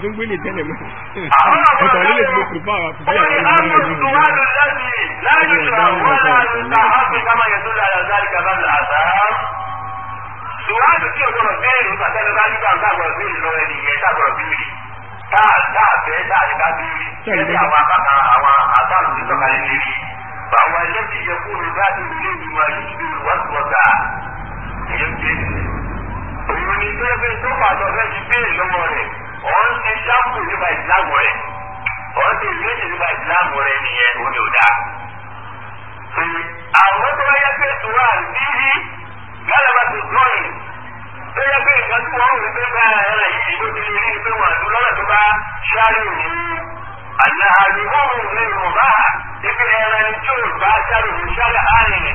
tó ń gbélé tẹ́lẹ̀ mọ́ ọ̀tọ̀ lílé tí mo pè fún àwọn àkùnfẹ́ àwọn ọmọ ìlú ìlú ìlú ìdáhùn ọ̀tọ̀ Sùwádìí tí o gbọ́dọ̀ bẹ́ẹ̀ ló sàtẹ́lẹ́ bá nígbà tá a gbọ́dọ̀ bí ìlú ẹni yẹn tá a gbọ́dọ̀ bí ìlú táà táà bẹ́ẹ̀ táà yẹ ká bí ìlú ẹni àwọn akátá àwọn àtàlù tó sọ̀kalẹ̀ lè rí. Báwo ẹjẹ́ ti yẹ kó lè bá ìlú ilé ìwà ìṣúlù wọ́sọ̀ọ̀ta? Ìyẹn ti. Òun ni tó fẹ́ tó pàtó fẹ́ ti bẹ́ẹ̀ lọ́wọ́ rẹ̀ òun ti sáàpù nípa ìsìláàmù rẹ̀ òun ti ìrètí nípa ìsìláàmù rẹ̀ nìyẹn òun ni ò dáa. àwọn tó yẹ pé ìwà àdìrí yálà bá ti gbọ́ yìí tó yẹ pé nǹkan tí wọ́n rí pé báyà ẹ̀rọ yìí ló ti rí ni pé wọ́n àdúrà lọ́dọ̀ tó bá ṣáré òun àná àdìgbòhùn ní ìwọ̀nba ibi ẹran tí ò bá ṣáré òun ṣáré àárín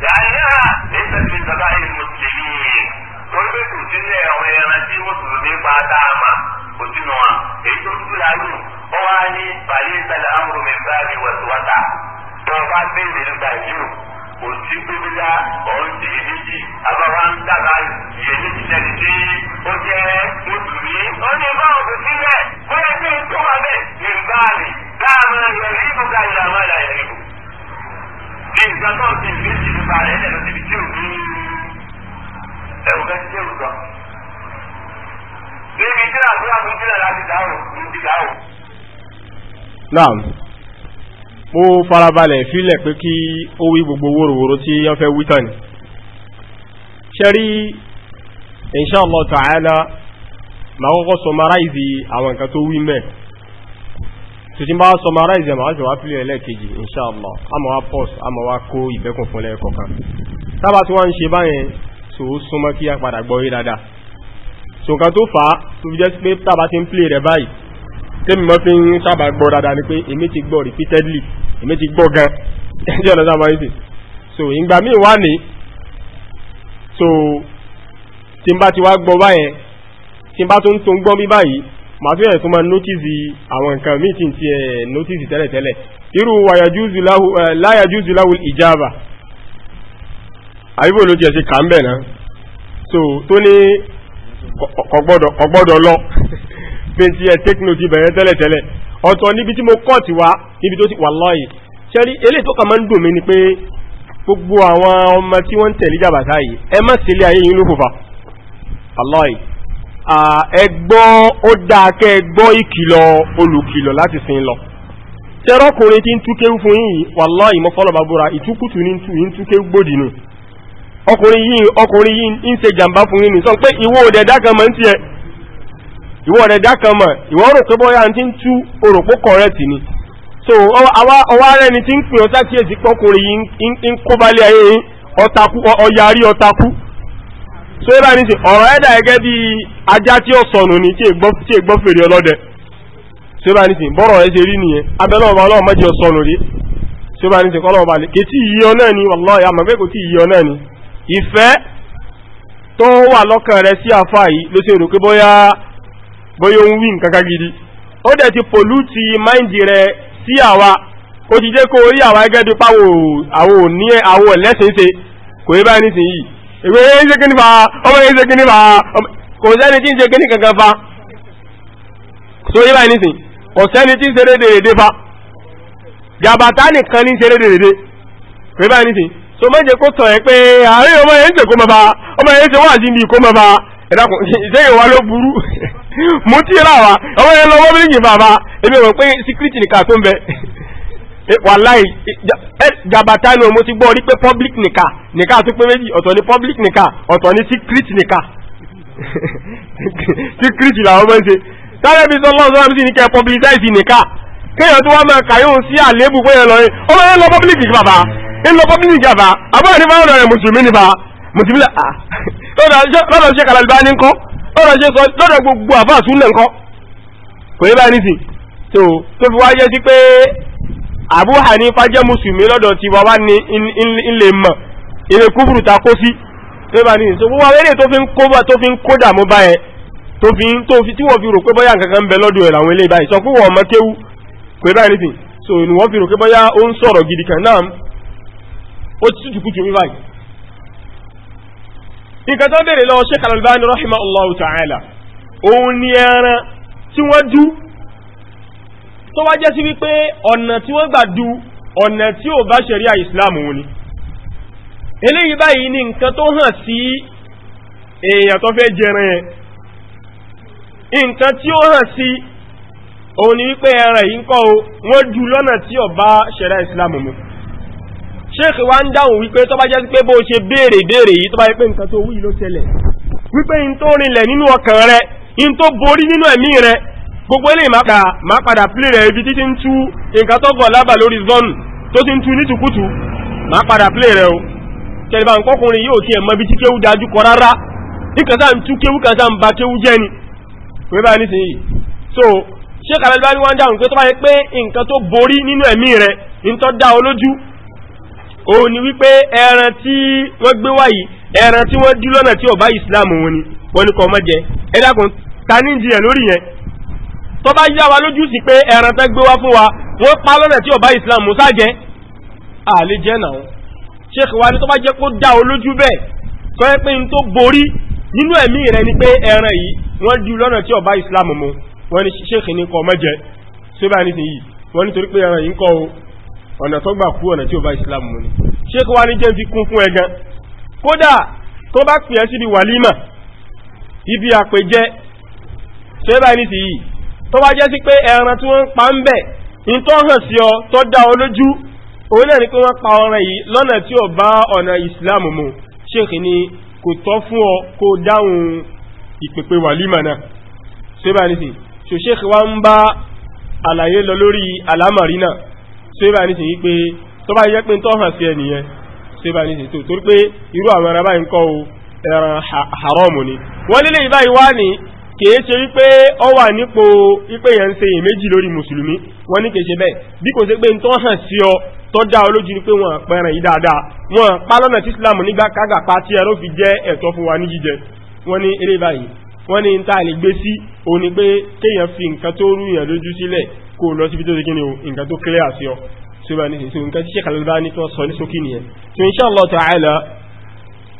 لأنها ليست من ذبائح المسلمين. قلت تجد يا أولي أنا في مسلمين بعد عامة kò sínú wa èyí tó dúdú láàyè ọ wá ní balẹ̀ ìsàlẹ̀ amúrò mi bá mi wọ̀ síwáta tó o bá béèrè nípa ìlú kò sí gbégbéga ọ̀hún ti yé méjì abáwá ń dàgbà yé méjì lẹ́nu tí ó jẹ́ mùsùlùmí. ó ní bá òkú sílẹ̀ ó yẹ kí n tó bẹ́ẹ̀ ní báàlì dáàmú ẹ̀rí ibùkà ìlànà ìlànà ìbò. ní ìgbà tó ti fi ìdìbò rẹ̀ lẹ́nu síbi tí ò ní ẹ̀rù bẹ́ẹ̀ tí ò sọ níbi jíra tó wà fún jíra láti dáhùn ní dáhùn. naam mo farabalẹ̀ filẹ̀ pé kí ó wí gbogbo wóróworó tí wọ́n fẹ́ wí tán ni ṣẹ́rí inṣáàlọ́ tààlà ma kọ́kọ́ sọmaráìzì àwọn nǹkan tó wí mẹ́ tó tí bá sọmaráìzì àmà àṣọ wá fílẹ̀ ẹlẹ́kejì inṣáàlọ́ àmà pọ́s àmà kó ìbẹ́kùn fún lẹ́ẹ̀kọ̀kan tábà tí wọ́n ń ṣe báyẹn tó súnmọ́ kí a padà gbọ́ rí dáadáa so nǹkan tó fà á tó fi jẹ́ sí pé tábà ti ń play rẹ̀ báyìí tẹ́mi mọ́ fi ń sábà gbọ́ dáadáa ni pé èmi ti gbọ́ repeatedly èmi ti gbọ́ gan ẹjẹ́ ọ̀nà sábà yìí so ìgbà míì wà ní so tí n bá ti wá gbọ́ báyẹn tí n bá tó ń tó ń gbọ́ mi báyìí màá tó yẹ tó máa nótìsì àwọn nǹkan míì tí n ti ẹ̀ nótìsì tẹ́lẹ̀tẹ́lẹ̀ irú láyàjúzù láwù ìjáàbà àbíbò ló ti kà ń bẹ̀ náà so tó ní kọ̀gbọ́dọ̀ lọ pé tí ẹ tẹ́kínò ti bẹ̀rẹ̀ tẹ́lẹ̀tẹ́lẹ̀ ọ̀tọ̀ níbi tí mo kọ́ ti wá níbi tó ti wà lọ́yìn ṣẹ́rí eléyìí tó kà máa ń dùn mí ni pé gbogbo àwọn ọmọ tí wọ́n ń tẹ̀lé jàbàtà yìí ẹ má sílé ayé yìí ló fòfà lọ́yìn ẹgbọ́ ó dáa kẹ́ ẹgbọ́ ìkìlọ̀ olùkìlọ̀ láti sin lọ tẹ́rọkùnrin ti ń túkéwú fún yìí wà lọ́yìn mọ́fọ́lọ́bàbúra ìtúkùtù ní ń túkéwú gbòdì nù ọkùnrin yìí ọkùnrin yìí ń ṣe fún yìí nìsọ́n pé ìwọ òdẹ̀dá kan mọ̀ ń tiẹ̀ ìwọ òdẹ̀dá kan mọ̀ ti ń tú òròpó kọ̀rẹ́tì ni so ọwọ́ ara ẹni tí ń pè ọ́ sákìyèsí pọ́kùnrin yìí ń ayé so ẹ bá ní sè ọ̀rọ̀ gẹ́gẹ́ bí ajá tí ó sọnù ni tí ègbọ́ fèrè so bá ní sè bọ́rọ̀ ẹ ṣe rí ìfẹ́ tó wà lọ́kàn rẹ̀ sí àfáà yìí ló ṣe rò pé bóyá bóyá ó wí nǹkan kan gidi ó dẹ̀ ti pòlútì máìndì rẹ̀ sí àwa ó ti jẹ́ kó orí àwa gẹ́gẹ́ bí pàwọ̀ àwọ̀ ní àwọ̀ lẹ́sẹ̀ẹ́sẹ̀ kò yẹ báyìí nísìnyí ìwé yẹn ń ṣe kíní fa ọmọ yẹn ń ṣe kíní fa kò sẹ́ni tí ń ṣe kíní kankan fa so yẹ báyìí nísìnyí kò sẹ́ni tí ń ṣe rédèrèdè fa jàbátá nìkan ní ń ṣe rédèrèdè kò yẹ báyìí nísìnyí so méje kó tàn ẹ́ pé àárín ọmọ yẹn ń ṣe kó mọ́ bá ọmọ yẹn ń ṣe wá sí ibi kó mọ́ bá ẹ̀dàkùn ìṣẹ́yìn wa ló burú mú tí ra wa ọmọ yẹn lọ́wọ́ méjì bàbá ebi rò pé síkírìtì nìkan tó ń bẹ wàláì jàbátá ni mo ti gbọ́ rí pé public nìka nìka tó pé méjì ọ̀tọ̀ ni public nìka ọ̀tọ̀ ni síkírìtì nìka síkírìtì làwọn máa ń ṣe sáré bí sọ́lọ́ sọ́lá bí sì ní kẹ́ publicize nìka kéèyàn tó wá máa kàyóhùn sí àléébù pé yẹn lọ ọmọ yẹn lọ public nìka bàbá ńlọ public àbá àbúrò ní fáwọn ọ̀rẹ́ mùsùlùmí ni bá mùsùlùmí ah, lọ́dọ̀ ṣe kàlàlùbá ní ńkọ́ lọ́dọ̀ ṣe sọ lọ́dọ̀ gbogbo àbá àtúnlẹ̀ ńkọ́ kò yẹ báyìí nìsín tó tó fi wáyé sí pé Abu Hanifa jẹ́ mùsùlùmí lọ́dọ̀ ti wà wá ní ilé mọ̀ ilé kúfùrù ta kó sí tó yẹ báyìí nìsín tó wọ́n wẹ́rẹ́ tó fi ń kó dààmú báyẹn tó fi ń tó fi tí wọ́n fi rò pé bóyá nǹkan kan ń bẹ lọ́dọ̀ ẹ̀ làwọn ilé báyìí sọ pé wọ́n ọmọ kéwú kò yẹ báyìí nìsín so ni wọ́n fi rò pé bóyá ó ń sọ̀rọ̀ gidi kan náà ó ti tútù kútù mi báyìí nǹkan tó bèèrè lọ Sheikh Al-Albani rahimahullahu ta'ala òun ni ẹran tí wọ́n dú tó wá jẹ́ sí wípé ọ̀nà tí wọ́n gbà dú ọ̀nà tí ò bá ṣẹ̀ríà Islam òun ni eléyìí báyìí ni nǹkan tó hàn sí èèyàn tó fẹ́ jẹran yẹn nǹkan tí ó hàn sí òun ni wípé ẹran yìí ń kọ́ o wọ́n dú lọ́nà tí ò bá ṣẹ̀ríà Islam mu ṣéèkì wá ń dáhùn wípé tó bá jẹ́ pé bó ṣe béèrè béèrè yìí tó bá yẹ pé nǹkan tó wú yìí ló ṣẹlẹ̀ wípé in tó rinlẹ̀ nínú ọkàn rẹ in tó borí nínú ẹ̀mí rẹ gbogbo eléyìí máa padà pílì rẹ ibi títí ń tú nǹkan tó gọ̀ lábà lórí zọ́nù tó ti ń tú nítùkútù máa padà pílì rẹ o kẹrìbà nkọkùnrin yóò ti ẹ̀mọ́ bí tí kéwú dájú kọ rárá nǹkan tó borí nínú ẹ̀mí rẹ ń tọ́ dá olójú òun ni wípé ẹran tí wọ́n gbé wáyìí ẹran tí wọ́n dí lọ́nà tí ọba ìsìláàmù wọn ni wọ́n ní kọ́ ọmọ jẹ ẹ dákun ta lórí yẹn tó bá wa lójú sí pé ẹran tẹ́ gbé wá fún wa wọ́n pa lọ́nà tí ọba ìsìláàmù sájẹ́ àlè jẹ́ náà ṣéèkì wa ni tó bá jẹ́ kó dá o lójú bẹ́ẹ̀ tó yẹ pé n tó borí nínú ẹ̀mí rẹ ni pé ẹran yìí wọ́n dí lọ́nà tí ọba ìsìláàmù mu wọ́n ní ṣéèkì ní kọ́ ọmọ jẹ síbáà ọ̀nà tó gbà kú ọ̀nà tí ó bá islam mú ni ṣé kó wá ní jẹ́ fi kún fún ẹgan kódà tó bá pè ẹ́ síbi wàlímà ibi àpèjẹ ṣé báyìí ní ti yìí tó bá jẹ́ sí pé ẹran tí wọ́n ń pa ń bẹ̀ ń tọ́ hàn sí ọ tó dá ọ lójú òun náà ni pé wọ́n pa ọ̀ràn yìí lọ́nà ni kò tọ́ fún ọ kó dáhùn ń bá àlàyé lọ lórí àlámàrí náà so ibà ní sìn yí pé tó bá yẹ pé tó hàn sí ẹnìyẹn so ní sìn torí pé irú àwọn ẹran báyìí ń kọ́ o ẹran haramu ni wọ́n lélẹ̀ ìbáyìí wá ní kìí ṣe wípé ọ wà nípò wípé yẹn ń ṣe ìméjì lórí mùsùlùmí wọ́n ní kìí ṣe bẹ́ẹ̀ bí kò ṣe pé tó hàn sí ọ tó dá olójú ni pé wọ́n pẹ̀rẹ̀ yìí dáadáa wọ́n pa lọ́nà tí Islam nígbà kága pa tí ẹ̀rọ fi jẹ́ ẹ̀tọ́ fún wa ní jíjẹ wọ́n ní eré báyìí wọ́n ní ń ta lè pé kéèyàn fi nǹkan tó rú yàn lójú sílẹ̀ kó lọ síbi tó ti kíni o nǹkan tó clear sí ọ tí ó bá ní sí nǹkan tí ṣẹ́kàlẹ̀ bá ní tó sọ ní sókí nìyẹn tí insha Allah ta'ala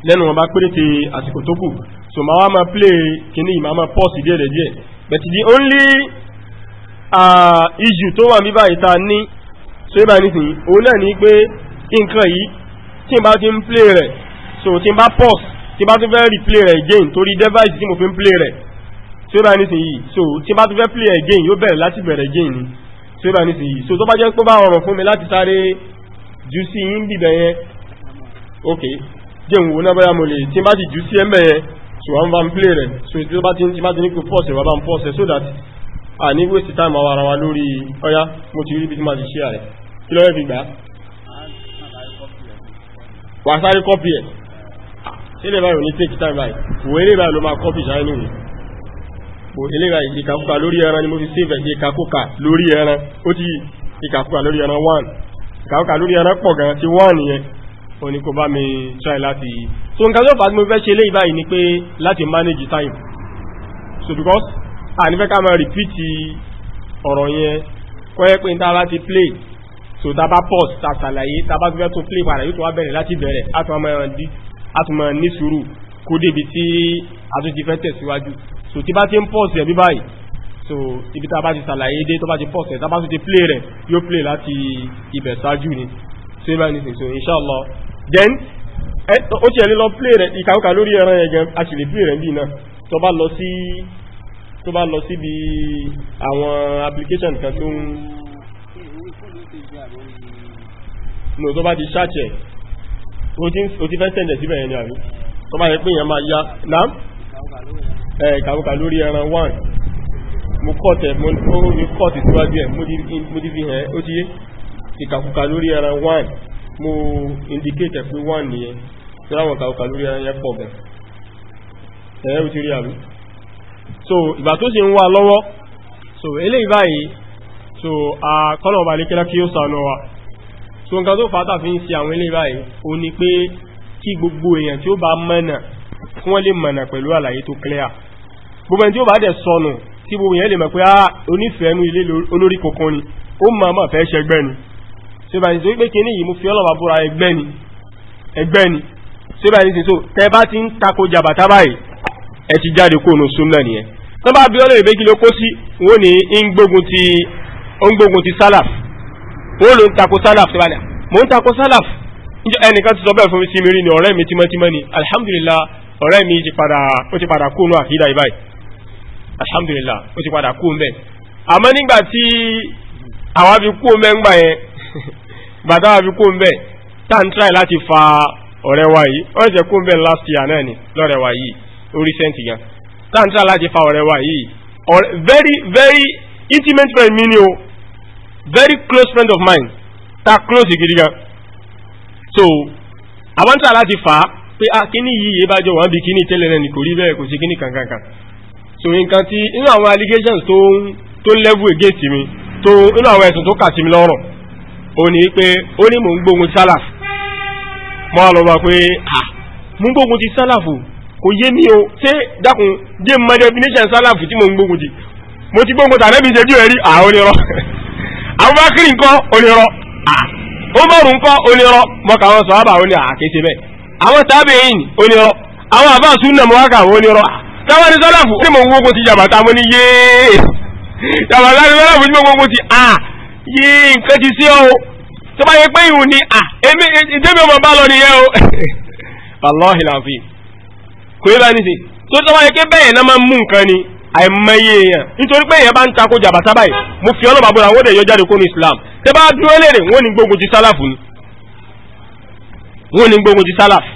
lẹ́nu wọn bá péréte àsìkò tó kù so ma wá ma play kíní ìmá ma pause díẹ̀ díẹ̀ but the only uh, issue tó wà ní báyìí ta ní tí ó bá ní sí òun náà ní pé nǹkan yìí tí n bá ti ń play rẹ̀ so tí n bá pause tí n bá tún fẹ́ replay rẹ̀ again torí device tí mo fi ń play rẹ̀ tí ó rà nísìnyí so tí bá tún fẹ́ play again yóò bẹ̀rẹ̀ láti bẹ̀rẹ̀ again ni tí ó rà nísìnyí so tó bá jẹ́ pé bá ọ̀rọ̀ fún mi láti sáré jù sí yín bíbẹ̀ yẹn ok jẹ́ òun wo náà bóyá mo lè tí bá ti jù sí ẹ̀mbẹ̀ yẹn so wọ́n bá ń play rẹ̀ so tí ó bá ti ti bá ti ní kó pause wọ́n bá ń pause so that a ní waste time àwọn ara wa lórí ọya mo ti rí ibi tí máa ti ṣe rẹ̀ kí lọ́wọ́ fi gbà wà sáré copy ẹ̀ sílẹ̀ báyìí ò ní take time báyìí òwe eré báyìí ló máa copy ṣáínú yìí bò eléra ìkàkùkà lórí ẹran ni mo fi save ẹ̀ ìkàkùkà lórí ẹran ó ti ìkàkùkà lórí ẹran 1 ìkàkùkà lórí ẹran pọ̀ gan ti 1 yẹn ó ní kó bá mi try láti so nǹkan tó fàá tí mo fẹ́ ṣe léyìí báyìí ni pé láti manage time so because a ní fẹ́ ká máa repeat ọ̀rọ̀ yẹn kọ́ yẹ pé tá bá ti play so tá bá pause tá ṣàlàyé tá bá fẹ́ tó play padà yóò tó wá bẹ̀rẹ̀ láti bẹ̀rẹ̀ àtùmọ̀ ní sùúrù kó débi tí a tún ti fẹ́ tẹ̀síwájú so tí bá ti ń pọ̀ sí ẹ̀bí báyìí so ibi tá a bá ti sàlàyé dé tó bá ti pọ̀ sí ẹ̀ tá bá ti play rẹ̀ yóò play láti ibẹ̀ ṣáájú ni so ibà ní so inshallah then ó ti ẹ̀lẹ́ lọ play rẹ̀ ìkàkùkà lórí ẹran ẹ̀gẹ́ a sì lè play rẹ̀ bíi náà tó bá lọ sí tó bá lọ síbi àwọn application kan tó ń no tó bá ti ṣáàchẹ̀ ó ti fẹ́ sẹ̀ǹdẹ̀ síbẹ̀ yẹn ni àbí tó bá yẹ pé èèyàn máa ya náà ẹ̀kàwọ́kà lórí ẹran 1 mo kọ́tẹ̀ mo ní kọ́tẹ̀ síwájú ẹ̀ mo dí fi hàn ó ti yé ìkàkùkà lórí ẹran 1 mo indicate pé 1 nìyẹn tí láwọn ìkàkùkà lórí ẹran yẹn pọ̀ gan ẹ̀ẹ́ ó àrú so ìgbà tó sì ń wà lọ́wọ́ so eléyìí báyìí so àkọ́lọ̀ ọba lékẹ́lá kí ó sànú wa so nǹkan tó fàátà fi ń ṣe àwọn eléyìí báyìí ó ní pé kí gbogbo èèyàn tí ó bá mọ̀nà fún wọ́n pẹ̀lú àlàyé tó clear gbogbo ẹni tí ó bá dẹ̀ sọnù tí gbogbo yẹn lè mọ̀ pé ah onífẹ̀ẹ́nu ilé olórí kòkan ni ó máa máa fẹ́ ṣẹgbẹ́ ni ṣébà ní sọ pé kíní yìí mo fi ọlọ́wà búra ẹgbẹ́ ni ẹgbẹ́ ni ṣébà ní sọ tẹ bá ti ń tako jàbàtà báyìí ẹ ti jáde kó nu súnmọ́ nìyẹn tó bá bí ọlọ́run ìbéjì ló kó sí wọn ni ń gbógun ti sálàf wọn ló ń tako sálàf ṣébà mò ń tako sálàf ẹnìkan ti sọ bẹ́ẹ̀ fún mi sí mi rí ni ọ̀rẹ́ mi tímọ́tímọ́ ni alhamdulillah ọ̀rẹ́ mi ti padà ó ti padà kó nu àkídà ìbáyìí alhamdulillah ó ti padà kú mẹ́ àmọ́ nígbà tí àwa fi kú mẹ́ ńgbà yẹn bàtà wa fi kú mẹ́ tàǹtà láti fa ọ̀rẹ́ wa yìí ó jẹ́ kú mẹ́ last year náà ni lọ́rẹ́ wa yìí ó recent gan tàǹtà láti fa ọ̀rẹ́ wa yìí very very intimate friend mi ni o very close friend of mine ta close gidi gan so àwọn tàǹtà láti fa pé a ah, kíní yìí yé bá jọ wọn bí kíní tẹ́lẹ̀ náà ni kò rí bẹ́ẹ̀ kò sí kíní kankan kan. kan so nǹkan tí inú àwọn allegations tó ń tó ń level against mi tó inú àwọn ẹ̀sùn tó kà sí mi lọ́rùn ó ní pé ó ní mò ń gbógun sálàf mo wà lọ́wọ́ pé à mò ń gbógun ti sálàf o kò yé mi o ṣé dákun dé mọ definition sálàf tí mò ń gbógun ti mo ti gbógun tàbí ṣe bí ẹ̀rí à onírọ́ Abubakar nǹkan onírọ́ à Umar nǹkan onírọ́ mọ̀kà àwọn sọ̀hábà oní àkéṣe bẹ́ẹ̀ àwọn sábẹ̀ yìí onírọ́ àwọn àbá táwọn ní sọ́làfù tí mò ń gbógun ti jàbàtà mo ní yéé jàbàtà ní sọ́làfù tí mò ń gbógun ti à yéé nǹkan ti sí ọ́ tó bá yẹ pé ìhùn ni à èmi ìdébí ọmọ bá lọ nìyẹn o wàláhì làǹfì kò yẹ bá ní sí tó tó bá yẹ pé bẹ́ẹ̀ náà máa ń mú nǹkan ni àìmọye èèyàn nítorí pé èèyàn bá ń takò jàbàtà báyìí mo fi ọlọ́ba bọ̀dọ̀ àwọn òde yọ jáde kó Islam tẹ bá dúró léèrè wọn ò ní gbógun ti sálàfù ni wọn ò ní gbógun ti sálàfù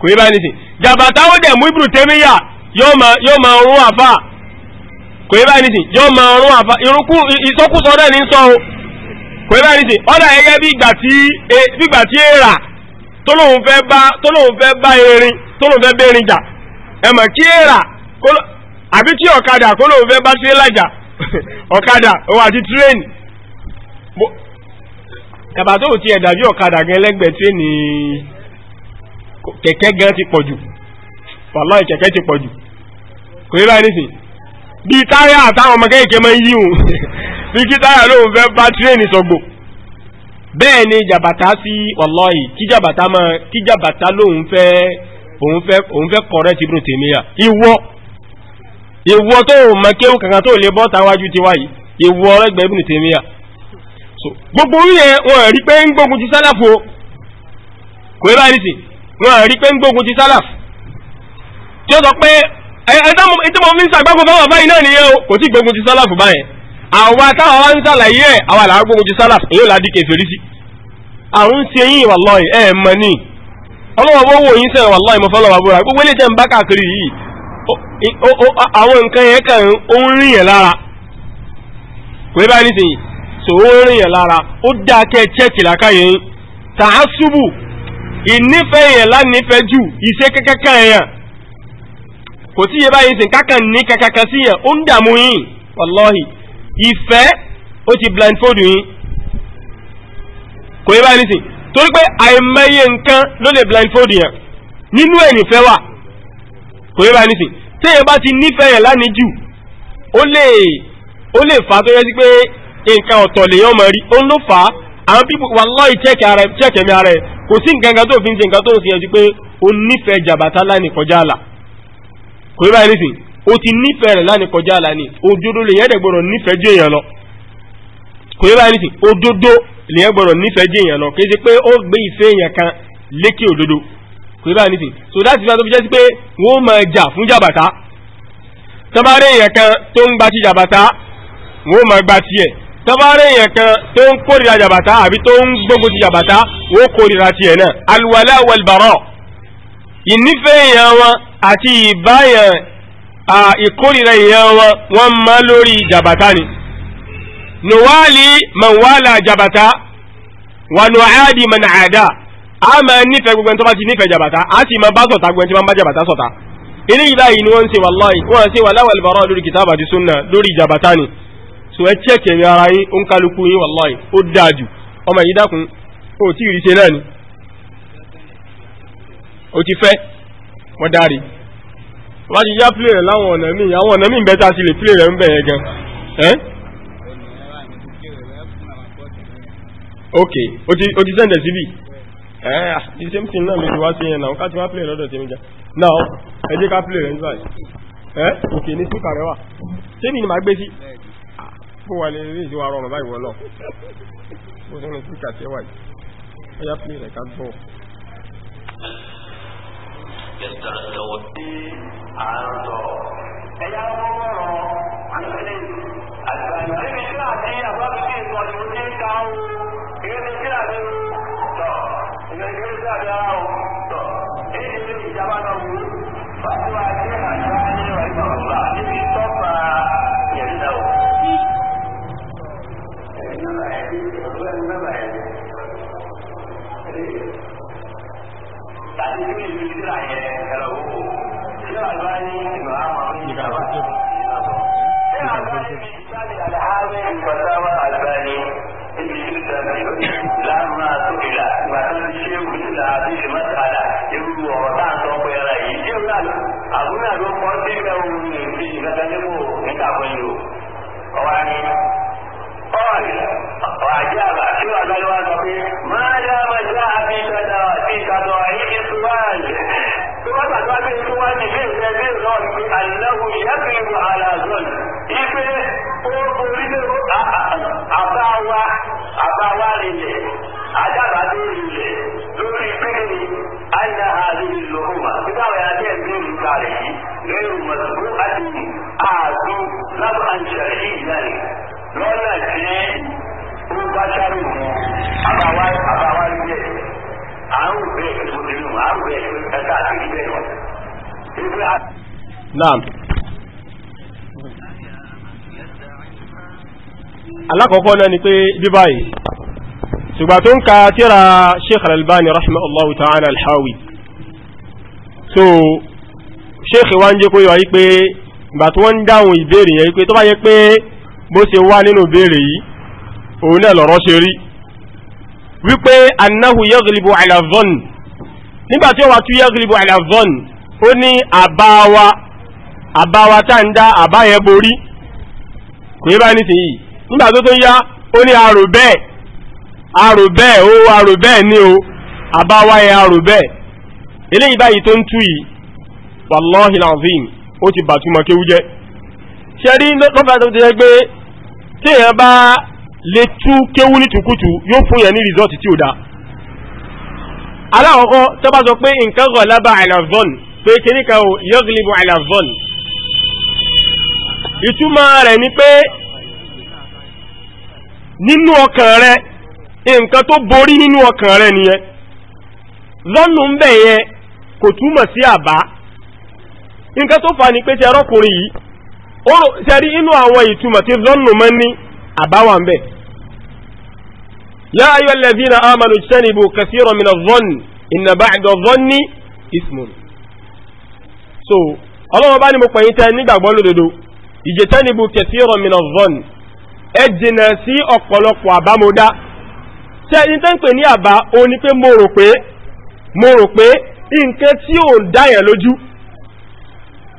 kò yẹ bá ní sí jàbàtà ó dẹ̀ mú ibùdó tẹ́míyà yóò máa rún àfà kò yẹ báyìí nìsín yóò máa ọrụ àfà irúkú ìsọkúsọ náà ní sọ o kò báyìí nìsín ọ̀dà gẹ́gẹ́ e, bí ìgbà tí èèrà tó lóun fẹ́ bá erin tó lóun fẹ́ bẹ́rin jà ẹ mọ̀ kí èèrà àbí kí ọ̀kadà kó lóun fẹ́ bá sí ọ̀kadà òun tó ti ẹ̀dàbí ọ̀kadà kò yẹ báyìí nísìnyí bí táyà àtàwọn ọmọ kéèké máa ń yí hùn bí kí táyà lóun fẹ́ bá tírèènì sọ̀gbò bẹ́ẹ̀ ni jàbàtà sí wàlọ́ọ̀yì kí jàbàtà máa kí jàbàtà lóun fẹ́ òun fẹ́ òun fẹ́ kọ̀rẹ́ ti bùn tèmíyà ìwọ ìwọ tó o mọ kéwù kankan tó lè bọ́ táwájú tiwa yìí ìwọ ọlẹ́gbẹ̀ẹ́ bùn tèmíyà gbogbo orí yẹn wọn rí pé ń gbógun ti sálàfò kò yẹ báyìí nísìnyí wọn rí pé ń gbógun ti sálàfò tí ó sọ pé ẹ̀ẹ́dẹ́mọ̀ fi ń sàgbágun fáwọn báyìí náà nìyẹn o kò tí gbógun ti sálàfù báyẹn àwa táwọn wá ń sàlàyé ẹ̀ àwa làá gbógun ti sálàfù èyí ò ládìí kèfèrí sí àwọn ń ṣe yín wàláhì ẹ̀ mọ̀ ní ọlọ́wọ́ bó wò yín sẹ́yìn wàláhì mọ̀ fọlọ́wà búra gbogbo ilé ń bá káàkiri yìí àwọn nǹkan yẹn kàn ń rìn yẹn lára kò báyìí nísìnyí ó rìn yẹn lára ó dáa kẹ́ ẹ kò sí iye báyìí sìn kákan ní kankan sí yẹn ó ń dààmú yín wàlọ́hì ìfẹ́ ó ti blindfold yín kò yẹ báyìí sìn torí pé àìmọye nǹkan ló lè blindfold yẹn nínú ẹ̀ nífẹ̀ẹ́ wà kò yẹ báyìí sìn téèyàn bá ti nífẹ̀ẹ́ yẹn lánìí jù ó lè ó lè fà á tó yẹ sí pé nǹkan ọ̀tọ̀ lèyàn mọ̀ rí ó ń ló fà á àwọn pípọ̀ wàlọ́hì chẹ́kẹ̀mí ara ẹ̀ kò sí nǹkan kan tó fi ń ṣe nǹkan tó ń ṣe yẹn ju pé ó nífẹ̀ẹ́ jàbátá láì ní kọjá àlà kò yẹ báyìí nísìn o ti nífẹ̀ẹ́ rẹ̀ lánìí kọjá lánìí òdodo lèyẹn dẹ̀ gbọ́dọ̀ nífẹ̀ẹ́ jẹ́ èèyàn lọ kò yẹ báyìí nísìn òdodo lèyẹn gbọ́dọ̀ nífẹ̀ẹ́ jẹ́ èèyàn lọ kì í ṣe pé ó gbé ìfẹ́ èèyàn kan lékè òdodo kò yẹ báyìí nísìn so that is why tó fi jẹ́ sí pé wọ́n máa jà fún jàbàtà tọ́bárẹ́ èèyàn kan tó ń gba ti jàbàtà wọ́n máa gba tiẹ̀ tọ́bárẹ́ èèyàn kan tó ń kórìíra jàbàtà àbí tó ń gbógun ti jàbàtà wọ́n kórìíra tiẹ̀ náà alwala walbara ìnífẹ́ èèyàn wọn àti ìbáyàn ìkórìíra èèyàn wọn wọ́n má lórí jàbàtà ni nùwálì mọ̀wálà jàbàtà wà nùhádì mọ̀nà a máa nífẹ̀ẹ́ gbogbo ẹni tó bá ti nífẹ̀ẹ́ jàbàtà a sì máa bá sọ̀tà gbogbo ẹni bá jàbàtà sọ̀tà eléyìí báyìí ni wọ́n ń ṣe wàláì wọ́n ń ṣe wàláwà albara lórí kìtàbà àti súnà lórí jàbàtà ni so ẹ chẹ́kẹ̀ẹ́ ara yín ó ń kálukú yín wàláì ó dáa jù ọmọ yìí dákun ó tí ì rí ṣe náà ni o ti fẹ́ wọ́n dárí wọ́n ti yá pílẹ̀ rẹ̀ láwọn ọ̀nà míì àwọn ọ̀nà míì bẹ́ta sí lè pílẹ̀ rẹ̀ ń bẹ̀yẹ gan ok o ti sẹ́ndẹ̀ síbì ẹ́n the same thing náà mi ti wá sí yẹn náà ká ti wá pílẹ̀ lọ́dọ̀ tèmi jà náà ẹ jẹ́ ká pílẹ̀ rẹ̀ ń báyìí ẹ́ òkè ní síkà rẹ̀ wà tèmi ni màá gbé sí bó wà lè rí ìdíwà rọrùn báyìí wọ́lọ́ bó sẹ́ni síkà tẹ́wà yìí ó yá pílẹ̀ rẹ̀ ká gbọ́ Mr. Dorothy kankan ní kò níta pẹ̀lú ọwọ́ ni ọ̀rẹ́ ọ̀ajá àbá tí wọ́n sáré wá sọ pé máa yá abájá àbí ìtajà àti ìtajà àyíkí túwáàlì tí wọ́n sàtọ́ sí túwáàlì bí ìfẹ́ bí ìrọ̀ ní àìlẹ́wù yẹ́kìrìbù àlàzọ́n ipe ó orí lè àbáwá àbáwá rìnlẹ̀ ajábàdé rìnlẹ̀ lórí pínlẹ̀ أن هذه اللحوم إذا ويأتي من قاله غير مسبوقة أعطوا نبعا شرعيا lọ́nà tí ó bá sáré mu àbáwá àbáwá níbẹ̀ àrùn bẹ́ẹ̀ tó nínú àrùn bẹ́ẹ̀ tó ẹ̀ka àkìrí bẹ́ẹ̀ lọ. Naam. Alákọ̀ọ́kọ́ náà ni pé bí báyìí ṣùgbà tó ń ka tíra sheikh al-albani rahimahullahu ta'ala al so sheikh wa ń jẹ́ kó yọ wípé ìgbà tó ń dáhùn ìbéèrè yẹn wípé tó bá yẹ pé bó ṣe wá nínú ìbéèrè yìí òun náà lọ̀rọ̀ ṣe rí wípé annahu yaghlibu ala dhann nígbà tí ó wà tú ala dhann ó ní àbáwa àbáwa tá ń dá àbá yẹn borí kò yẹ bá ní sìn yìí nígbà tó tó ń yá ó ní àrò arò bẹ́ẹ̀ ó arò bẹ́ẹ̀ ní o àbáwáyé arò bẹ́ẹ̀ eléyìí báyìí tó ń tú yìí wàláhì làzim ó ti bàtúmọ̀ kéwú jẹ́ ṣe rí lọ́fà tó ti jẹ́ pé tí èèyàn bá lè tú kéwú ní tùkútù yóò fún yẹn ní rìsọ́ọ̀tì tí ò dáa alákọ̀ọ́kọ́ tó bá sọ pé nǹkan rọ̀ lábà àìlàzọ́n pé kíníkà ò yọ́gìlìbù àìlàzọ́n ìtumọ̀ rẹ̀ ni pé nínú ọkàn rẹ̀ nǹkan tó borí nínú ọkàn rẹ nìyẹn lọ́nù ń bẹ̀ yẹn kò túmọ̀ sí àbá nǹkan tó fa ni pé ti ẹrọ́kùnrin yìí ó ṣẹ́rí inú àwọn ìtumọ̀ tí lọ́nù mọ́ ní àbá wà ń bẹ̀ yá ayọ́ lẹ́bí na amanu ṣẹ́nibù kẹfìrọ̀ mi na zọ́n ìnà bá àjọ ní ismun so ọlọ́wọ́ bá ní mo pẹ̀yìn tẹ́ nígbàgbọ́ lódodo ìjẹ́tẹ́nibù kẹfìrọ̀ mi na zọ́n ẹ jìnà sí ọ̀pọ̀lọpọ̀ àbámọ́dá ṣe ẹni tó ń pè ní àbá o ni pé mo rò pé mo rò pé nǹkan tí ò ń dá yẹn lójú